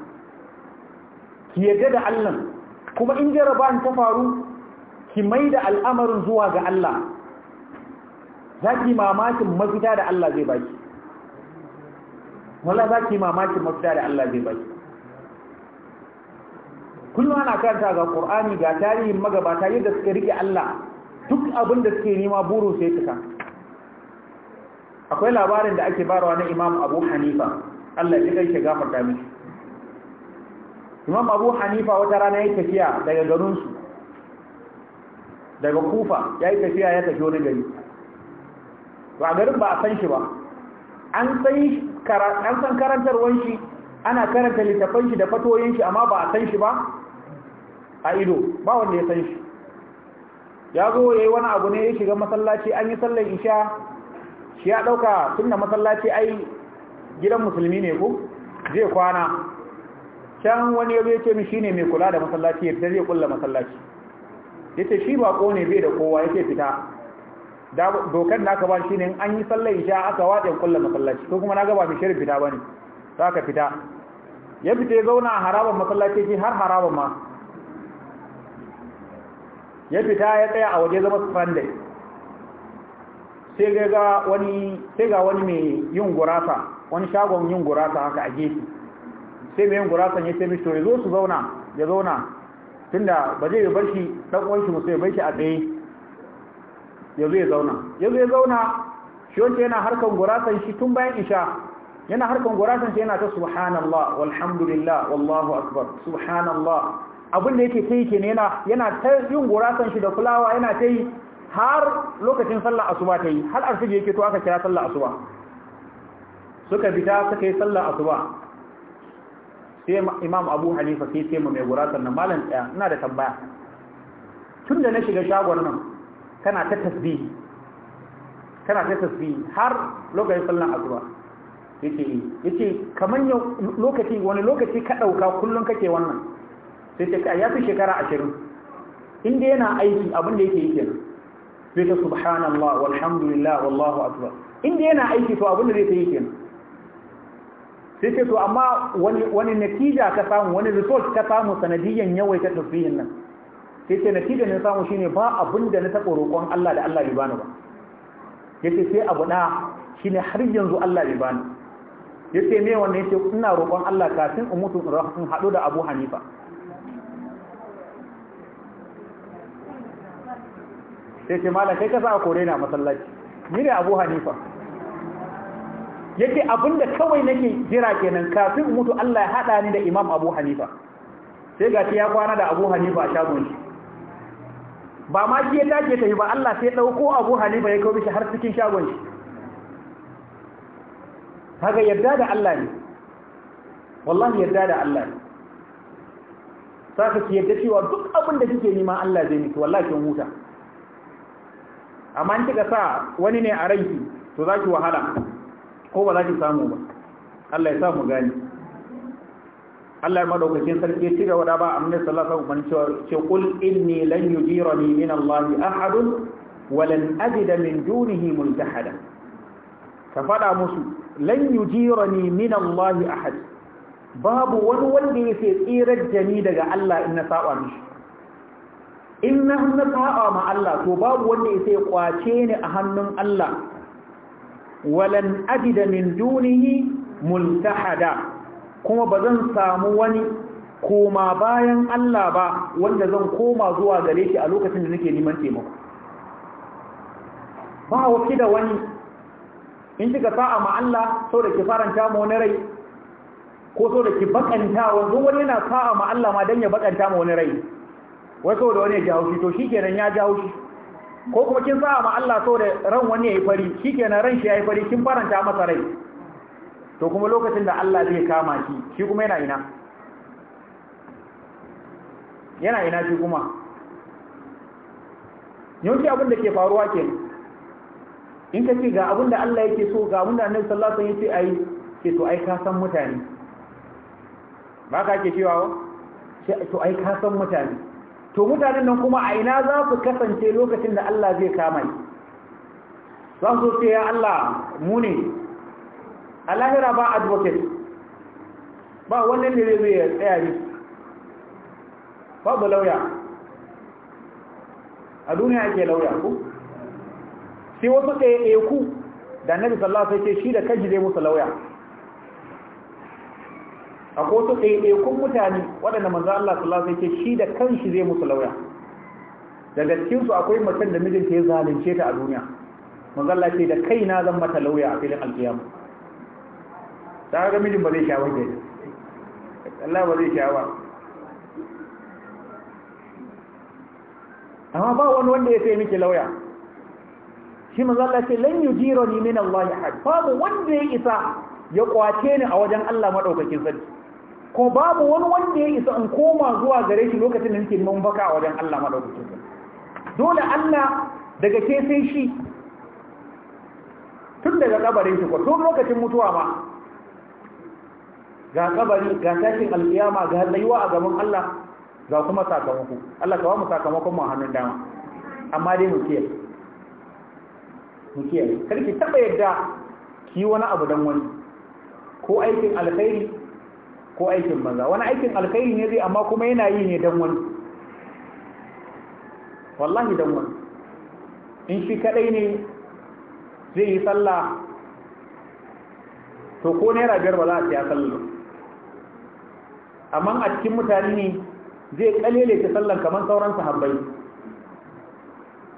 ki yadda da Allah kuma in jarabawan ta faru ki mai da al'amarin zuwa ga Allah za ki mamakin mafita da Allah zai baki wala za ki mamakin mafita da Allah zai baki kullum ana karanta ga Qur'ani ga tarihin magabata yadda suka rike Allah duk abin da suke nema burin sai tuka akwai labarin da ake barawa na Imam Abu Hanifa Allah ya kai gafarta mishi Imam Abu Hanifa wata rana ya tafiya daga garinsu daga kufa ya yi tafiya ya tafi wani gari to a garin ba a san shi ba an san karantar shi ana karanta littafan shi da fatoyin shi amma ba a san shi ba a ido ba wanda ya san shi ya zo ya yi wani abu ne ya shiga masallaci an yi sallar isha shi ya ɗauka tun da masallaci ai gidan musulmi ne ko zai kwana can wani yau ya ce shi ne mai kula da masallaci ya zai kulla masallaci yace shi ba ne bai da kowa yace fita da dokar da aka ba shi ne an yi sallar isha aka wace kullu masallaci ko kuma naga ba mai shirin fita bane za ka fita ya fita ya zauna a harabar masallaci shi har harabar ma ya fita ya tsaya a waje zama sunday sai ga wani sai ga wani mai yin gurasa wani shagon yin gurasa haka a gefe sai mai yin gurasa ya ce mishi to ya zo su zauna ya zauna tunda ba zai yi barshi dan uwan shi musu ya barshi a tsaye yanzu ya zauna yanzu ya zauna shi wanda yana harkan gurasan shi tun bayan isha yana harkan gurasan shi yana ta subhanallah walhamdulillah wallahu akbar subhanallah abin da yake kai kene yana yana ta yin gurasan shi da fulawa yana ta yi har lokacin sallar asuba ta yi har arfi yake to aka kira sallar asuba suka bita suka yi sallar asuba sai imam abu hanifa sai sai mu mai gurasar nan malam tsaya ina da tambaya tun da na shiga shagon nan kana ta tasbihi kana ta tasbihi har lokacin sallan asuba yace yace kaman yau lokaci wani lokaci ka dauka kullun kake wannan sai ce ka ya fi shekara 20 inda yana aiki abin da yake yi kenan sai ta subhanallah walhamdulillah wallahu akbar inda yana aiki to abin da zai yi kenan sai ce to amma wani natija ka samu wani result ka samu sanadiyan yawaita tafiyin nan sai ce natija ne samu shine ba abin da na taɓa roƙon Allah da Allah bai bani ba yace sai abu da shine har yanzu Allah bai bani yace me wannan yace ina roƙon Allah kafin in mutu in hadu da Abu Hanifa sai ce malam kai ka sa kore na masallaci ni ne Abu Hanifa yake abinda kawai nake jira kenan kafin mutu Allah ya hada ni da Imam Abu Hanifa sai gashi ya kwana da Abu Hanifa a shagon shi ba ma shi ya dace ta yi ba Allah sai dauko Abu Hanifa ya kawo shi har cikin shagon shi haka yadda da Allah ne wallahi yadda da Allah ne saka ki yadda cewa duk abin da kike nema Allah zai miki wallahi kin huta amma in kika sa wani ne a ranki to zaki wahala ko ba za ki samu ba Allah ya mu gani Allah ya madaukakin sarki ya cigaba da ba annabi sallallahu alaihi wasallam cewa ce kul inni lan yujirani min Allah ahad wa lan ajida min dunihi multahada ka fada musu lan yujirani min Allah ahad babu wani wanda yake tsirar da ni daga Allah in na saba mishi in na saba ma Allah to babu wanda yake kwace ni a hannun Allah walan ajida min dunihi multahada kuma ba zan samu wani koma bayan Allah ba wanda zan koma zuwa gare shi a lokacin da nake neman taimako ba wa da wani in kika sa'a ma Allah so da ki faranta ma wani rai ko so da ki bakanta wanzu wani yana sa'a ma Allah ma dan ya bakanta ma wani rai wasu da wani ya ji haushi to shi kenan ya ji haushi ko kuma kin sa ma Allah so da ran wani yayi fari shikenan ran shi yayi fari kin faranta masa rai to kuma lokacin da Allah zai kama shi shi kuma yana ina yana ina shi kuma yauki abin da ke faruwa ke in ka ce ga abin da Allah yake so ga abin da Annabi sallallahu alaihi wasallam yake ai ke to ai ka san mutane ba ka ke cewa to ai ka san mutane to mutanen nan kuma a ina za su kasance lokacin da Allah zai kama ni za su ce ya Allah mu ne a lahira ba advocate ba wannan ne zai tsaya ne babu lauya a duniya ake lauya ku sai wasu ɗaya ku da nabi sallallahu alaihi wasallam sai ce shi da kaji zai musu lauya a kotu ɗaiɗaikun mutane waɗanda manzo Allah sallallahu alaihi wasallam shi da kanshi zai musu lauya daga cikin su akwai mutum da mijinta ya zalunce ta a duniya manzo Allah ce da kaina zan mata lauya a filin alkiyama ta ga mijin ba zai sha wanda Allah ba zai sha ba amma ba wani wanda ya sai miki lauya shi manzo Allah ce lan ne min Allah ahad babu wanda ya isa ya kwace ni a wajen Allah madaukakin sarki ko babu wani wanda ya isa in koma zuwa gare shi lokacin da nake neman baka a wajen Allah madaukakin dole Allah daga ke sai shi tun daga kabarin shi ko to lokacin mutuwa ma ga kabari ga tashin alkiyama ga tsayuwa a gaban Allah ga kuma sakamako Allah kawo mu sakamakon mu hannun dama amma dai mu kiyaye mu kiyaye karki taba yadda ki wani abu dan wani ko aikin alkhairi ko aikin banza wani aikin alkhairi ne zai amma kuma yana yi ne dan wani wallahi dan wani in shi kadai ne zai yi sallah to ko naira biyar ba za a siya sallah amma a cikin mutane ne zai kalele ta sallan kamar sauran sahabbai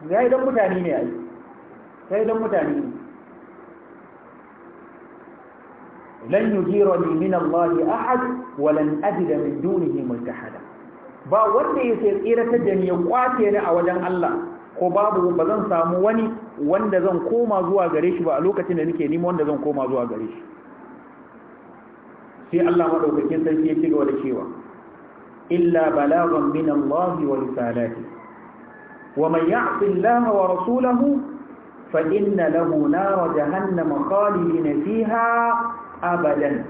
ya yi don mutane ne ya yi ya yi don mutane ne lan yujirani min Allah ahad wa lan ajida min dunihi multahada ba wanda yake tsirata da ni ya kwace ni a wajen Allah ko babu ba zan samu wani wanda zan koma zuwa gare shi ba a lokacin da nake nima wanda zan koma zuwa gare shi sai Allah madaukakin sarki ya ci gaba da cewa illa balagan min Allah wa risalati wa man ya'si Allah wa rasulahu fa inna lahu nar jahannama khalidin fiha abadan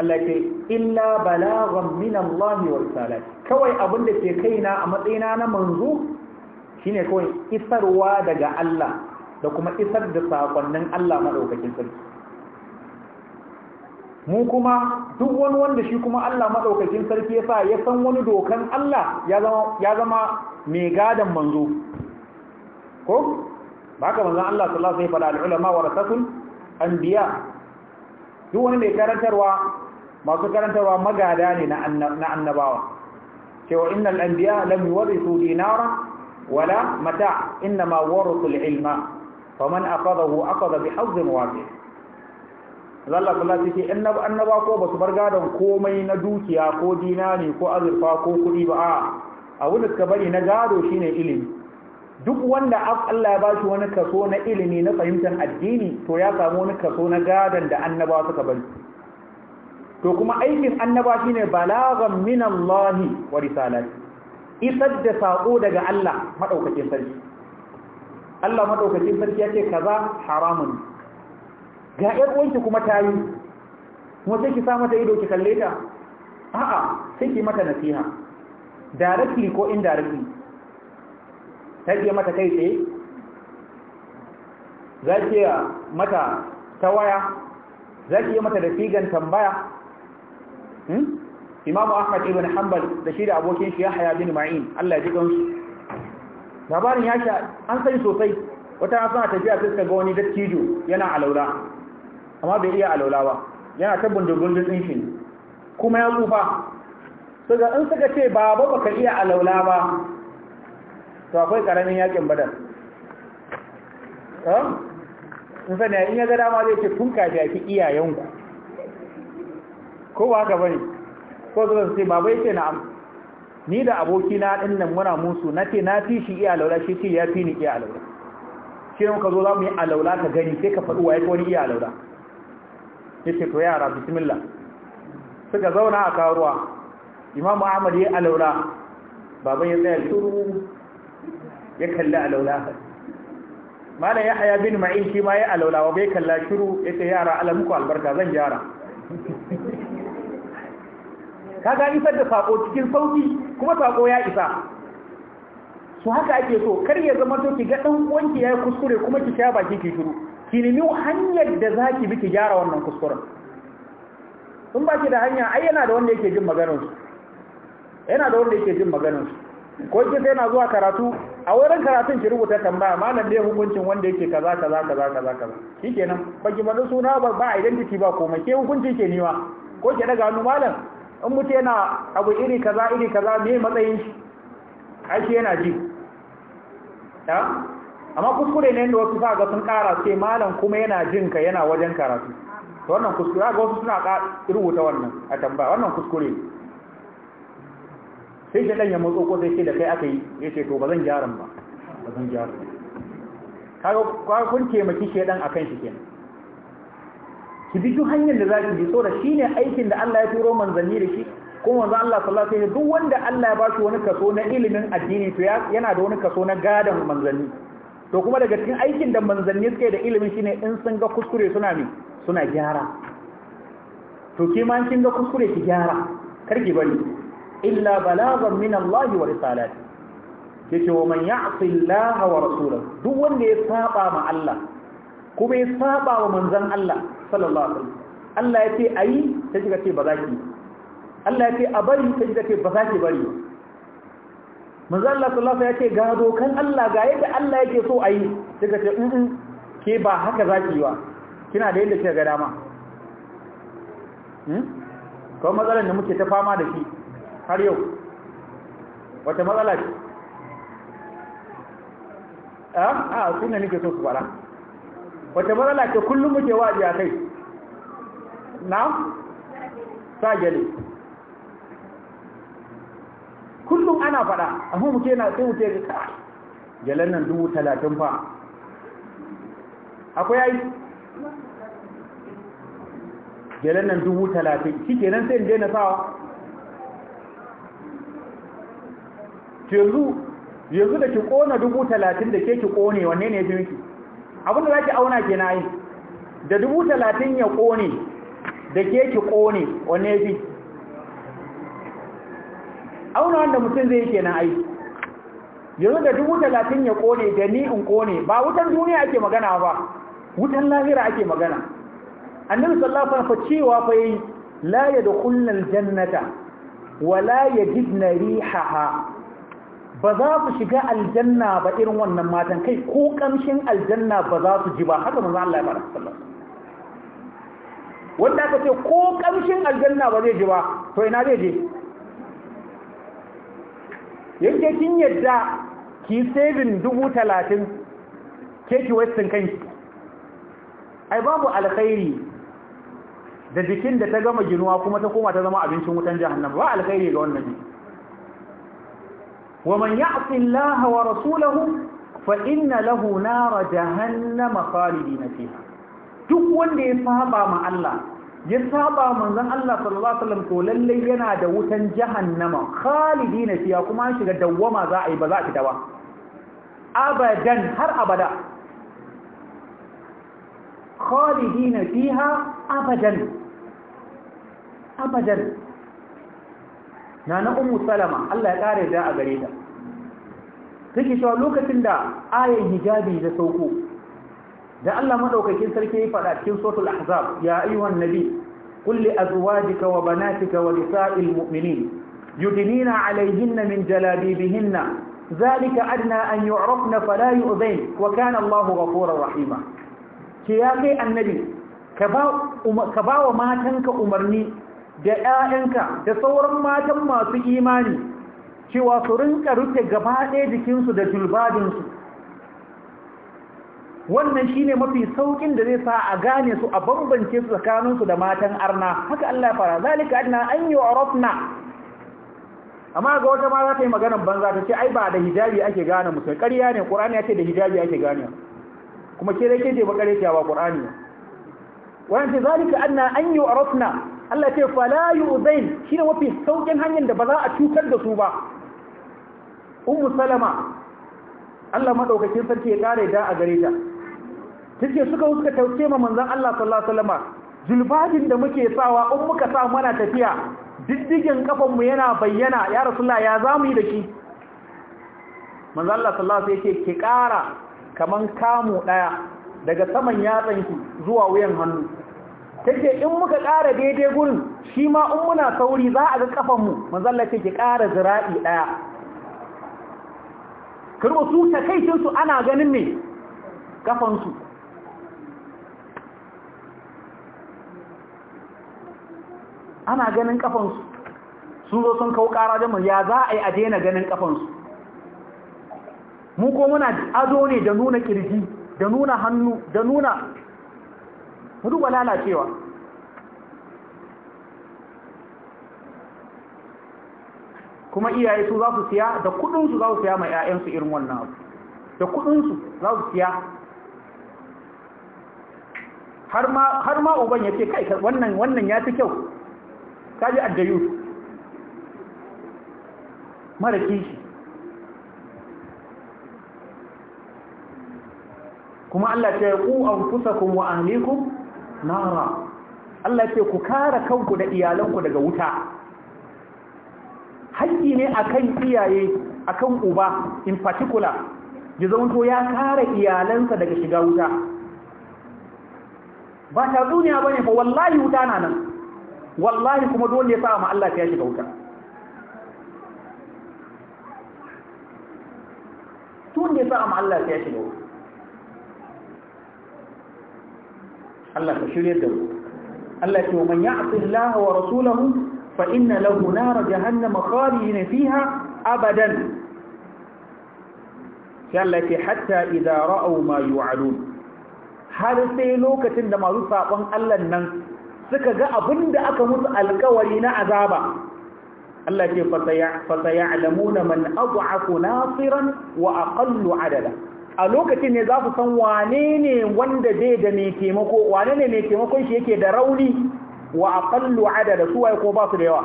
Allah ce illa balaghan min Allah wa salat kawai abin da ke kaina a matsayina na manzo shine kawai isarwa daga Allah da kuma isar da sakonnin Allah madaukakin sarki mu kuma duk wani wanda shi kuma Allah madaukakin sarki yasa ya san wani dokan Allah ya zama ya zama mai gadan manzo ko ba manzo Allah sallallahu alaihi wa sallam ulama warasatul anbiya duk wani mai karantarwa masu karantarwa magada ne na annabawa cewa innal anbiya lam yuwarithu dinara wala mata inma warathu al-ilma faman aqadahu aqada bi hazzin wasi Allah sallallahu alaihi annaba ko su bar gadon komai na dukiya ko dinari ko azurfa ko kudi ba a abin da suka bari na gado shine ilimi duk wanda Allah ya ba shi wani kaso na ilimi na fahimtar addini to ya samu wani kaso na gadon da annaba suka bari to kuma aikin annaba shine balagan minallahi wa risalati isar da sako daga Allah madaukakin sarki Allah madaukakin sarki yake kaza haramun ga ƴar kuma tayi kuma sai ki sa mata ido ki kalle ta a'a sai ki mata nasiha directly ko indirectly ta mata kai tsaye za ki mata ta waya za ki mata da figan tambaya hmm? Imam ahmad ibn hanbal da shi da abokin shi ya haya bin ma'in allah ji gansu labarin ya sha an sani sosai wata na suna tafiya fuska ga wani dattijo yana alaula amma bai iya alaula ba yana ta bundugun ɗin shi kuma ya tsufa suka in suka ce baba baka iya alaula ba to akwai karamin yakin badar in sani in ya ga dama zai ce kun kaji a iyayenku ko ba haka bane ko zuwa bai ce na am ni da abokina din nan muna musu na ce na fi shi iya laula shi ce ya fi ni iya laula shi ne muka zo za mu yi alaula ka gani sai ka faɗi wa ya wani iya alaula ya ce to yara bismillah suka zauna a karuwa imamu ahmad ya alaula baban ya tsaya shuru ya kalli alaula malam ya haya bin ma'in shi ma ya alaula wa bai kalla shiru ya ce yara ala muku albarka zan gyara ga isar da sako cikin sauki kuma sako ya isa su haka ake so kar ya zama to ki ga dan uwanki yi kuskure kuma ki sha baki ki shiru ki nemi hanyar da za ki bi ki gyara wannan kuskuren in ba ki da hanya ai yana da wanda yake jin maganar su yana da wanda yake jin maganar su ko ki sai na zuwa karatu a wurin karatun ki rubuta tambaya malam ne hukuncin wanda yake kaza kaza kaza kaza kaza shikenan baki bada suna ba ba identity ba komai ke hukunci ke niwa ko ke daga hannu malam in mutu yana abu iri kaza iri kaza me matsayin shi shi yana ji ta amma kuskure ne da wasu ga sun kara sai malam kuma yana jin ka yana wajen karatu to wannan kuskure ga wasu suna rubuta wannan a tambaya wannan kuskure ne sai shi ya motso ko sai ce da kai aka yi ya ce to ba zan gyaran ba ba zan gyaran kaga kun taimaki shaɗan a kan shi kenan ki bi duk hanyar da za ki bi saboda shi ne aikin da Allah ya turo manzanni da shi kuma manzo Allah sallallahu alaihi wasallam duk wanda Allah ya bashi wani kaso na ilimin addini to yana da wani kaso na gadan manzanni to kuma daga cikin aikin da manzanni suke da ilimin shine in sun ga kuskure suna mi suna gyara to kima ma kin ga kuskure ki gyara kar ki bari illa balagan min Allah wa risalati yace wa man ya'si Allah wa rasulahu duk wanda ya saba ma Allah kuma ya saba wa manzon Allah sallallahu alaihi wasallam Allah yace ayi sai kika ce ba za ki Allah yace a bari sai kika ce ba za ki bari manzon Allah sallallahu alaihi wasallam yace ga dokan Allah ga yadda Allah yake so ayi kika ce in ke ba haka za ki yi wa kina da yadda ga dama matsalar da muke ta fama da shi har yau wata matsala ce a suna nake so su fara wata matsala ce kullum muke waɗi a kai na sa gele kullum ana fada amma muke na sai muke ga gelen nan dubu talatin fa akwai ai gelen nan dubu talatin shi kenan sai in na sawa yanzu yanzu da ki kona dubu talatin da ke ki kone wanne ne fi miki abinda za ki auna ke na yi da dubu talatin ya kone da ke ki kone wanne fi auna wanda mutum zai ke na aiki yanzu da dubu talatin ya kone da ni in kone ba wutan duniya ake magana ba wutan lahira ake magana annabi sallallahu alaihi wasallam cewa fa yi la yadkhulul jannata wa la yajidna rihaha ba za su shiga aljanna ba irin wannan matan kai ko kamshin aljanna ba za su ji ba haka manzo Allah ya fara wanda aka ce ko kamshin aljanna ba zai ji ba to ina zai je yanke kin yadda ki saving dubu talatin ke ki westin kanki ai babu alkhairi da jikin da ta gama ginuwa kuma ta koma ta zama abincin wutan jahannama ba alkhairi ga wannan jiki ومن يعص الله ورسوله فإن له نار جهنم خالدين فيها duk wanda ya saba ma Allah ya saba manzon Allah sallallahu alaihi wasallam to lalle yana da wutan jahannama khalidina fiha kuma shiga dawwama za a yi ba za a fita ba abadan har abada khalidina fiha abadan abadan na na umu salama Allah ya kare da a gare ta take cewa lokacin da ayan hijabi da sauko da Allah madaukakin sarki ya faɗa cikin suratul ahzab ya ayyuhan nabi qul li azwajika wa banatika wa nisa'il mu'minin yudnina 'alayhinna min jalabibihinna zalika adna an yu'rafna fala yu'zain wa kana Allahu ghafurur rahima ke ya kai annabi ka ba wa matanka umarni da 'ya'yanka da sauran matan masu imani cewa su rinka rufe gaba ɗaya jikinsu da julbadinsu wannan shine mafi saukin da zai sa a gane su a bambance su tsakaninsu da matan arna haka Allah ya fara zalika adna an yu'rafna amma ga wata ma za ta yi maganar banza ta ce ai ba da hijabi ake gane musulmi ƙarya ne ƙur'ani ya ce da hijabi ake gane kuma ke da ke ba ƙarya ta ba ƙur'ani wannan ce zalika anna an yi Allah ce fala yu'zain shine mafi saukin hanyar da ba za a cutar da su ba ummu salama Allah madaukakin sarki ya kare da a gare ta take suka suka tauke ma manzon Allah sallallahu alaihi wasallam da muke sawa in muka sa mana tafiya diddigin kafan mu yana bayyana ya rasulullah ya zamu yi da shi manzon Allah sallallahu alaihi wasallam yake ki kara kaman kamu ɗaya daga saman yatsanki zuwa wuyan hannu take in muka ƙara daidai gurin shi ma in muna sauri za a ga kafanmu mazalla take ƙara zira'i ɗaya karwa su takaicinsu ana ganin ne ƙafansu, ana ganin ƙafansu sun zo sun kawo ƙara da ya za a yi a daina ganin ƙafansu. mu ko muna ado ne da nuna kirji da nuna hannu da nuna ka duba lalacewa kuma iyaye su za su siya da kudinsu za su siya ma 'ya'yansu irin wannan abu da kudinsu za su siya har ma uban ya ce kai wannan wannan ya fi kyau kaji addayu mara kishi kuma Allah ce ku anfusakum wa ahlikum nara Allah ce ku kare kanku da iyalanku daga wuta haƙƙi ne akan iyaye akan uba in particular ya zaunto ya kare iyalansa daga shiga wuta ba ta duniya bane fa wallahi wuta na nan wallahi kuma dole ya sa ma Allah ya shiga wuta tun da ya sa ma Allah ya shiga wuta Allah ka shirye da Allah ce wa man ya'ti Allah wa rasulahu fa inna lahu nar jahannama khalidin fiha abadan sai Allah ce hatta idza ra'aw ma yu'adun har sai lokacin da masu sabon Allah nan suka ga abinda aka musu alkawari na azaba Allah ce fa saya'lamuna man ad'afu nasiran wa aqallu adada a lokacin ne za ku san wane ne wanda zai da mai taimako wane ne mai taimakon shi yake da rauni wa aqallu adada su waye ko ba su da yawa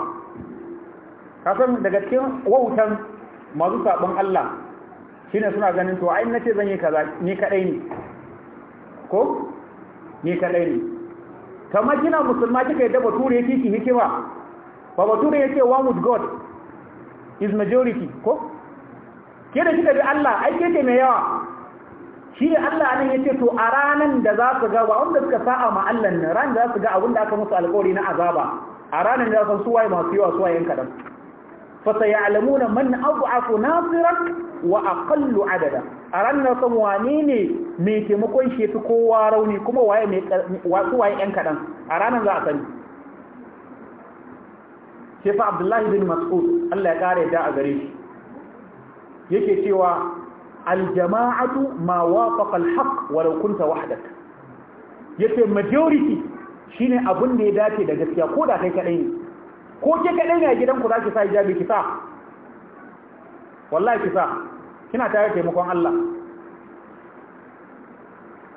kasan daga cikin wautan masu sabon Allah shine suna ganin to ai ce zan yi kaza ni kadai ne ko ni kadai ne kamar kina musulma kika yadda bature yake ki hikima ba bature yake one with god is majority ko ke da kika bi Allah ai ce mai yawa shi ne Allah nan ce to a ranan da za su ga ba wanda suka sa'a ma Allah nan, ran da za su ga abin da aka musu alƙawari na azaba a ranan da za su waye masu yawa su waye kadan fa sayalamuna man ad'afu nasiran wa aqallu adada a ranan san wane ne mai taimakon shi fi kowa rauni kuma waye mai wasu waye yan kadan a ranan za a sani sai fa Abdullahi bin Mas'ud Allah ya kare da a gare shi yake cewa aljama'atu ma wafaqa alhaq walau kunta wahdak yace majority shine abun da ya dace da gaskiya ko da kai kadai ne ko ke kadai ne a gidan ku zaki sa hijabi ki sa wallahi ki sa kina tare taimakon Allah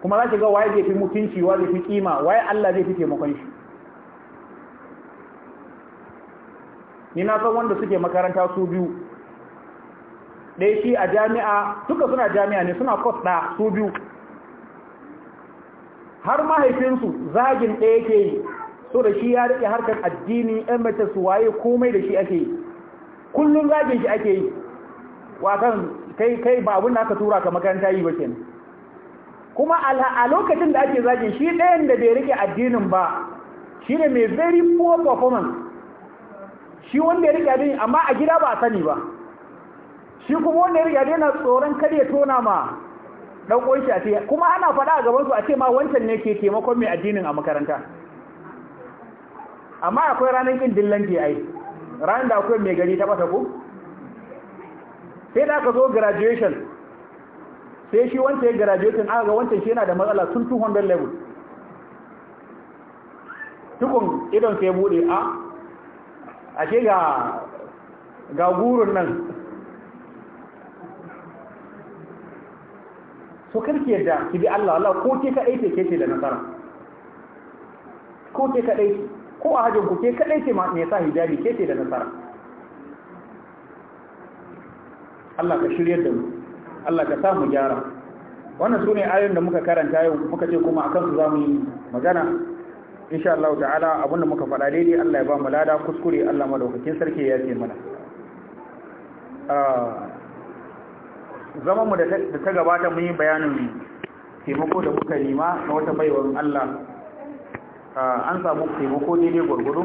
kuma zaki ga waye zai fi mutunci waye zai fi kima waye Allah zai fi taimakon shi ni na san wanda suke makaranta su biyu ɗaya shi a jami'a duka suna jami'a ne suna kwas ɗaya su biyu har mahaifinsu zagin ɗaya ke yi so da shi ya riƙe harkar addini ‘yan mace su waye komai da shi ake yi kullum zagin shi ake yi wakan kai kai ba abin da aka tura ka makaranta yi ba kenan kuma a lokacin da ake zagin shi ɗayan da bai riƙe addinin ba shi ne mai very poor performance shi wanda ya riƙe addini amma a gida ba a sani ba shi kuma wanda ya riga yana tsoron kada ya tona ma dan uwan shi a ce kuma ana faɗa a gaban su a ce ma wancan ne ke taimakon mai addinin a makaranta amma akwai ranar kin ke ai ranar da akwai mai gari ta bata ku sai da aka zo graduation sai shi wancan ya graduation aka ga wancan shi yana da matsala sun 200 level tukun idon sai bude a ah, ashe ga ga gurun nan so karki yadda ki bi Allah Allah ko ke kadai ce ke ce da nasara ko ke kadai ko a hajjin ku ke kadai ce me sa hijabi ke ce da nasara Allah ka shiryar da mu Allah ka samu gyara wannan sune ayoyin da muka karanta yau muka ce kuma akan su zamu yi magana insha Allah ta'ala abinda muka faɗa daidai Allah ya ba mu lada kuskure Allah madaukakin sarki ya ce mana ah. zaman mu da ta gabata mun yi bayanin taimako da muka nema na wata baiwar Allah an samu taimako daidai gwargwado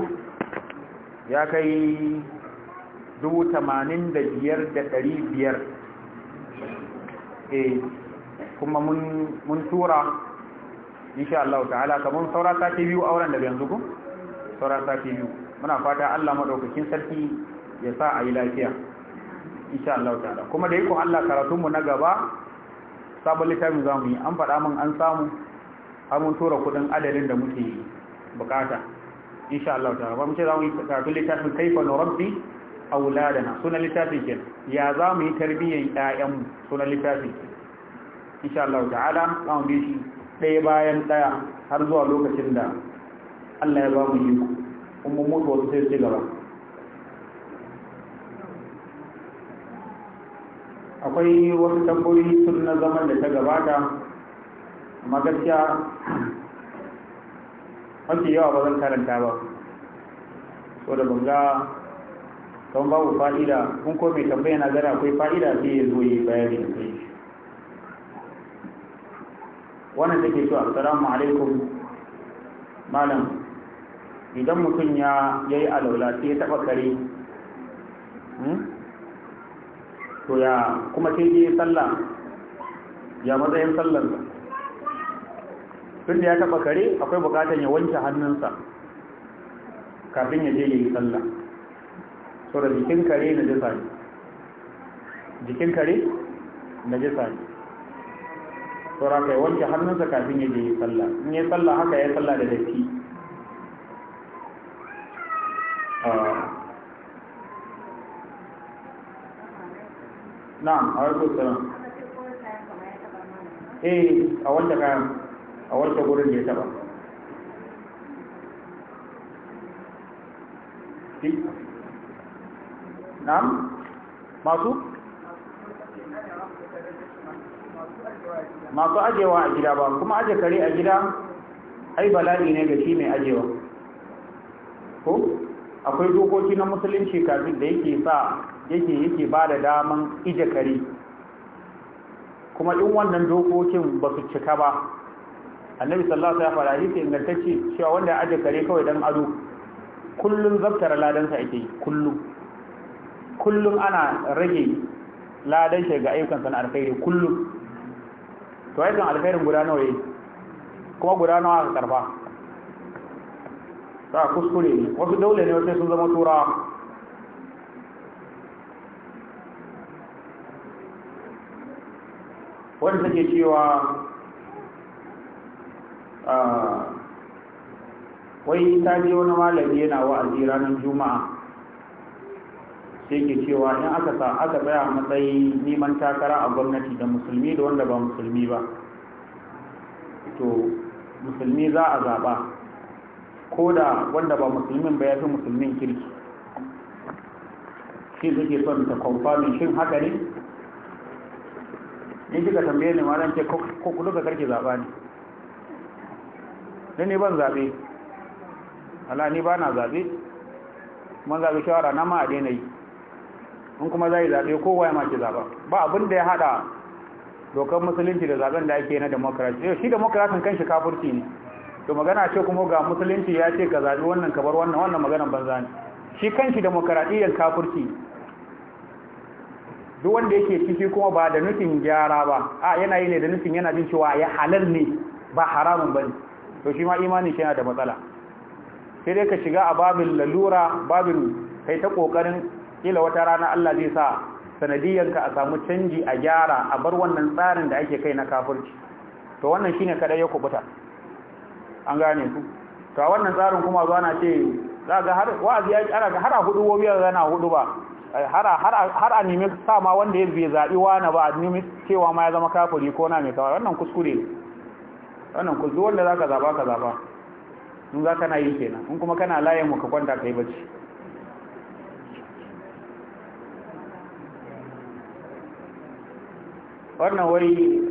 ya kai dubu tamanin da biyar da dari biyar eh, kuma mun tura insha Allah ta'ala kamar saura sati biyu auren da yanzu ku saura sati biyu muna fata Allah maɗaukakin sarki ya sa a yi lafiya insha Allah ta'ala kuma da yiko Allah karatu mu na gaba sabon littafin zamu yi an faɗa min an samu har mun tura kudin adadin da muke bukata insha Allah ta'ala ba mu ce zamu yi karatun littafin kaifa nurabbi auladana sunan littafin ke ya zamu yi tarbiyyar ƴaƴan mu sunan littafin insha Allah ta'ala zamu bi shi ɗaya bayan ɗaya har zuwa lokacin da Allah ya ba mu yi kuma mutu wasu sai su gaba akwai wasu tambayoyi sun na zaman da ta gabata amma gaskiya mafi yawa ba zan karanta ba so da banga don babu fa'ida kun ko mai tambaya na gara akwai fa'ida sai ya zo yi bayani da kai wannan take so assalamu alaikum malam idan mutum ya yi alaula sai ya taɓa kare hmm? to ya kuma sai yi sallah ya matsayin sallar tun da ya taba kare akwai bukatar ya wanke hannunsa kafin ya je ya yi sallah so da jikin kare na jisa ne jikin kare na jisa ne so raka ya wanke hannunsa kafin ya je ya yi sallah in ya sallah haka ya sallah da dafi na'am a warko tsara eh a wanke kayan a wanke gurin da ya taba na'am masu masu ajewa a gida ba kuma aje kare a gida ai bala'i ne ga shi mai ajewa ko akwai dokoki na musulunci kafin da yake sa yake yake ba da daman ije kare kuma in wannan dokokin ba su cika ba annabi sallallahu alaihi wasallam hadisi ingantacce cewa wanda ya aje kare kawai dan ado kullun zabtara ladansa yake kullum kullum ana rage ladan shi ga ayyukan sana alkhairi kullum to ayyukan alkhairin guda nawa yi kuma guda nawa aka karfa ta kuskure ne wasu dole ne wasu sun zama turawa wanda take cewa ah, wai ta je wani malami yana wa'azi ranar juma'a sai ke cewa in aka sa aka tsaya a matsayi neman takara a gwamnati da musulmi da wanda ba musulmi ba to musulmi za a zaɓa ko da wanda ba musulmin ba ya fi musulmin kirki shi suke son ta kwamfamin shin haka ne in kika tambaye ni malam ce ko ku duka karki zaɓa ni dan ne ban zaɓe Allah ni ba na zaɓe man zaɓe shawara na ma a daina yi in kuma za yi zaɓe kowa ma ke zaɓa ba abin da ya haɗa dokar musulunci da zaɓen da ake na eh shi demokarasin kan shi kafurci ne to magana ce kuma ga musulunci ya ce ka zaɓi wannan ka bar wannan wannan maganan banza ne shi kan shi demokaradiyyar kafurci ne duk wanda yake ciki kuma ba da nufin gyara ba a yana yi ne da nufin yana jin cewa ya halal ne ba haramun ne? to shi ma imanin shi yana da matsala sai dai ka shiga a babin lalura babin kai ta kokarin kila wata rana Allah zai sa sanadiyanka a samu canji a gyara a bar wannan tsarin da ake kai na kafirci to wannan shine kada ya kubuta an gane ku to a wannan tsarin kuma zo na ce za ga har wa'azi ana ga har a hudu wobiya na hudu ba Eh, har a nemi sa ma wanda ya bai zaɓi wani ba a nemi cewa ma ya zama kafuri ko na mai tawa wannan kuskure wannan kuskure wanda za ka zaɓa ka zaɓa in za ka na yi kenan in kuma kana layin mu ka kwanta ka yi bacci wannan wai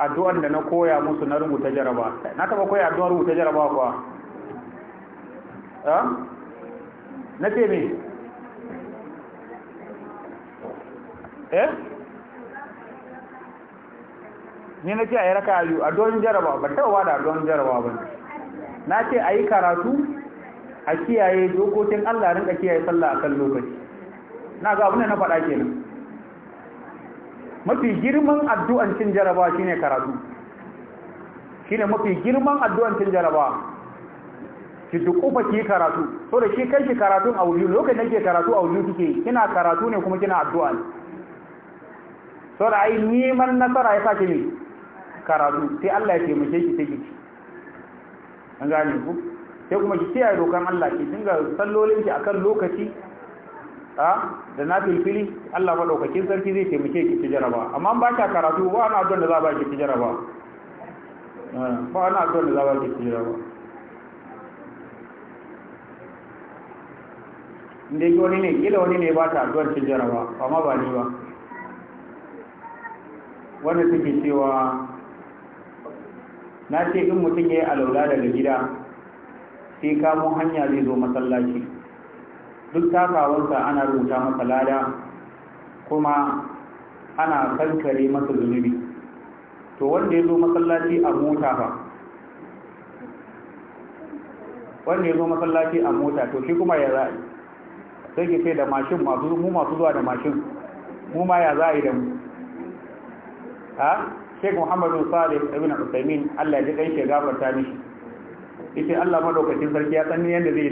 addu'ar da na koya musu na rubuta jaraba na taba koya addu'ar rubuta jaraba kuwa eh? na ce me Eh? ni na ce a yi raka a don jaraba ba tawa da don jaraba ba na ce a yi karatu a kiyaye dokokin Allah rinka kiyaye sallah a kan lokaci na ga abu ne na faɗa kenan mafi girman addu'ancin jaraba jarabawa shine karatu shine mafi girman addu'ancin jaraba jarabawa ki dukufa ki karatu so da shi shi karatun a wuri lokacin da ke karatu a wuri kike kina karatu ne kuma kina addu'a ne saboda ai neman nasara ya sake ne karatu sai Allah ya taimake ki take ki an gane ku sai kuma ki kiyaye dokan Allah ki dinga sallolin ki akan lokaci a da na filfili Allah madaukakin sarki zai taimake ki ki jaraba amma ba ka karatu ba ana don da za ba ki ki jaraba eh, ba ana don da za ba ki ki jaraba inda yake wani ne kila wani ne ba ta addu'ar ki jaraba amma ba ni ba wanda suke cewa na ce in mutum ya yi alaula daga gida sai kamo hanya zai zo masallaci duk takawarsa ana rubuta masa lada kuma ana kankare masa zunubi to wanda ya zo masallaci a mota ba wanda ya zo masallaci a mota to shi kuma ya za sai ki sai da mashin masu mu masu zuwa da mashin mu ma ya za a yi da mu ha Sheikh Muhammadu Salih ibn Uthaymeen Allah ya ji kai shi gafarta mishi yace Allah madaukakin sarki ya san yanda zai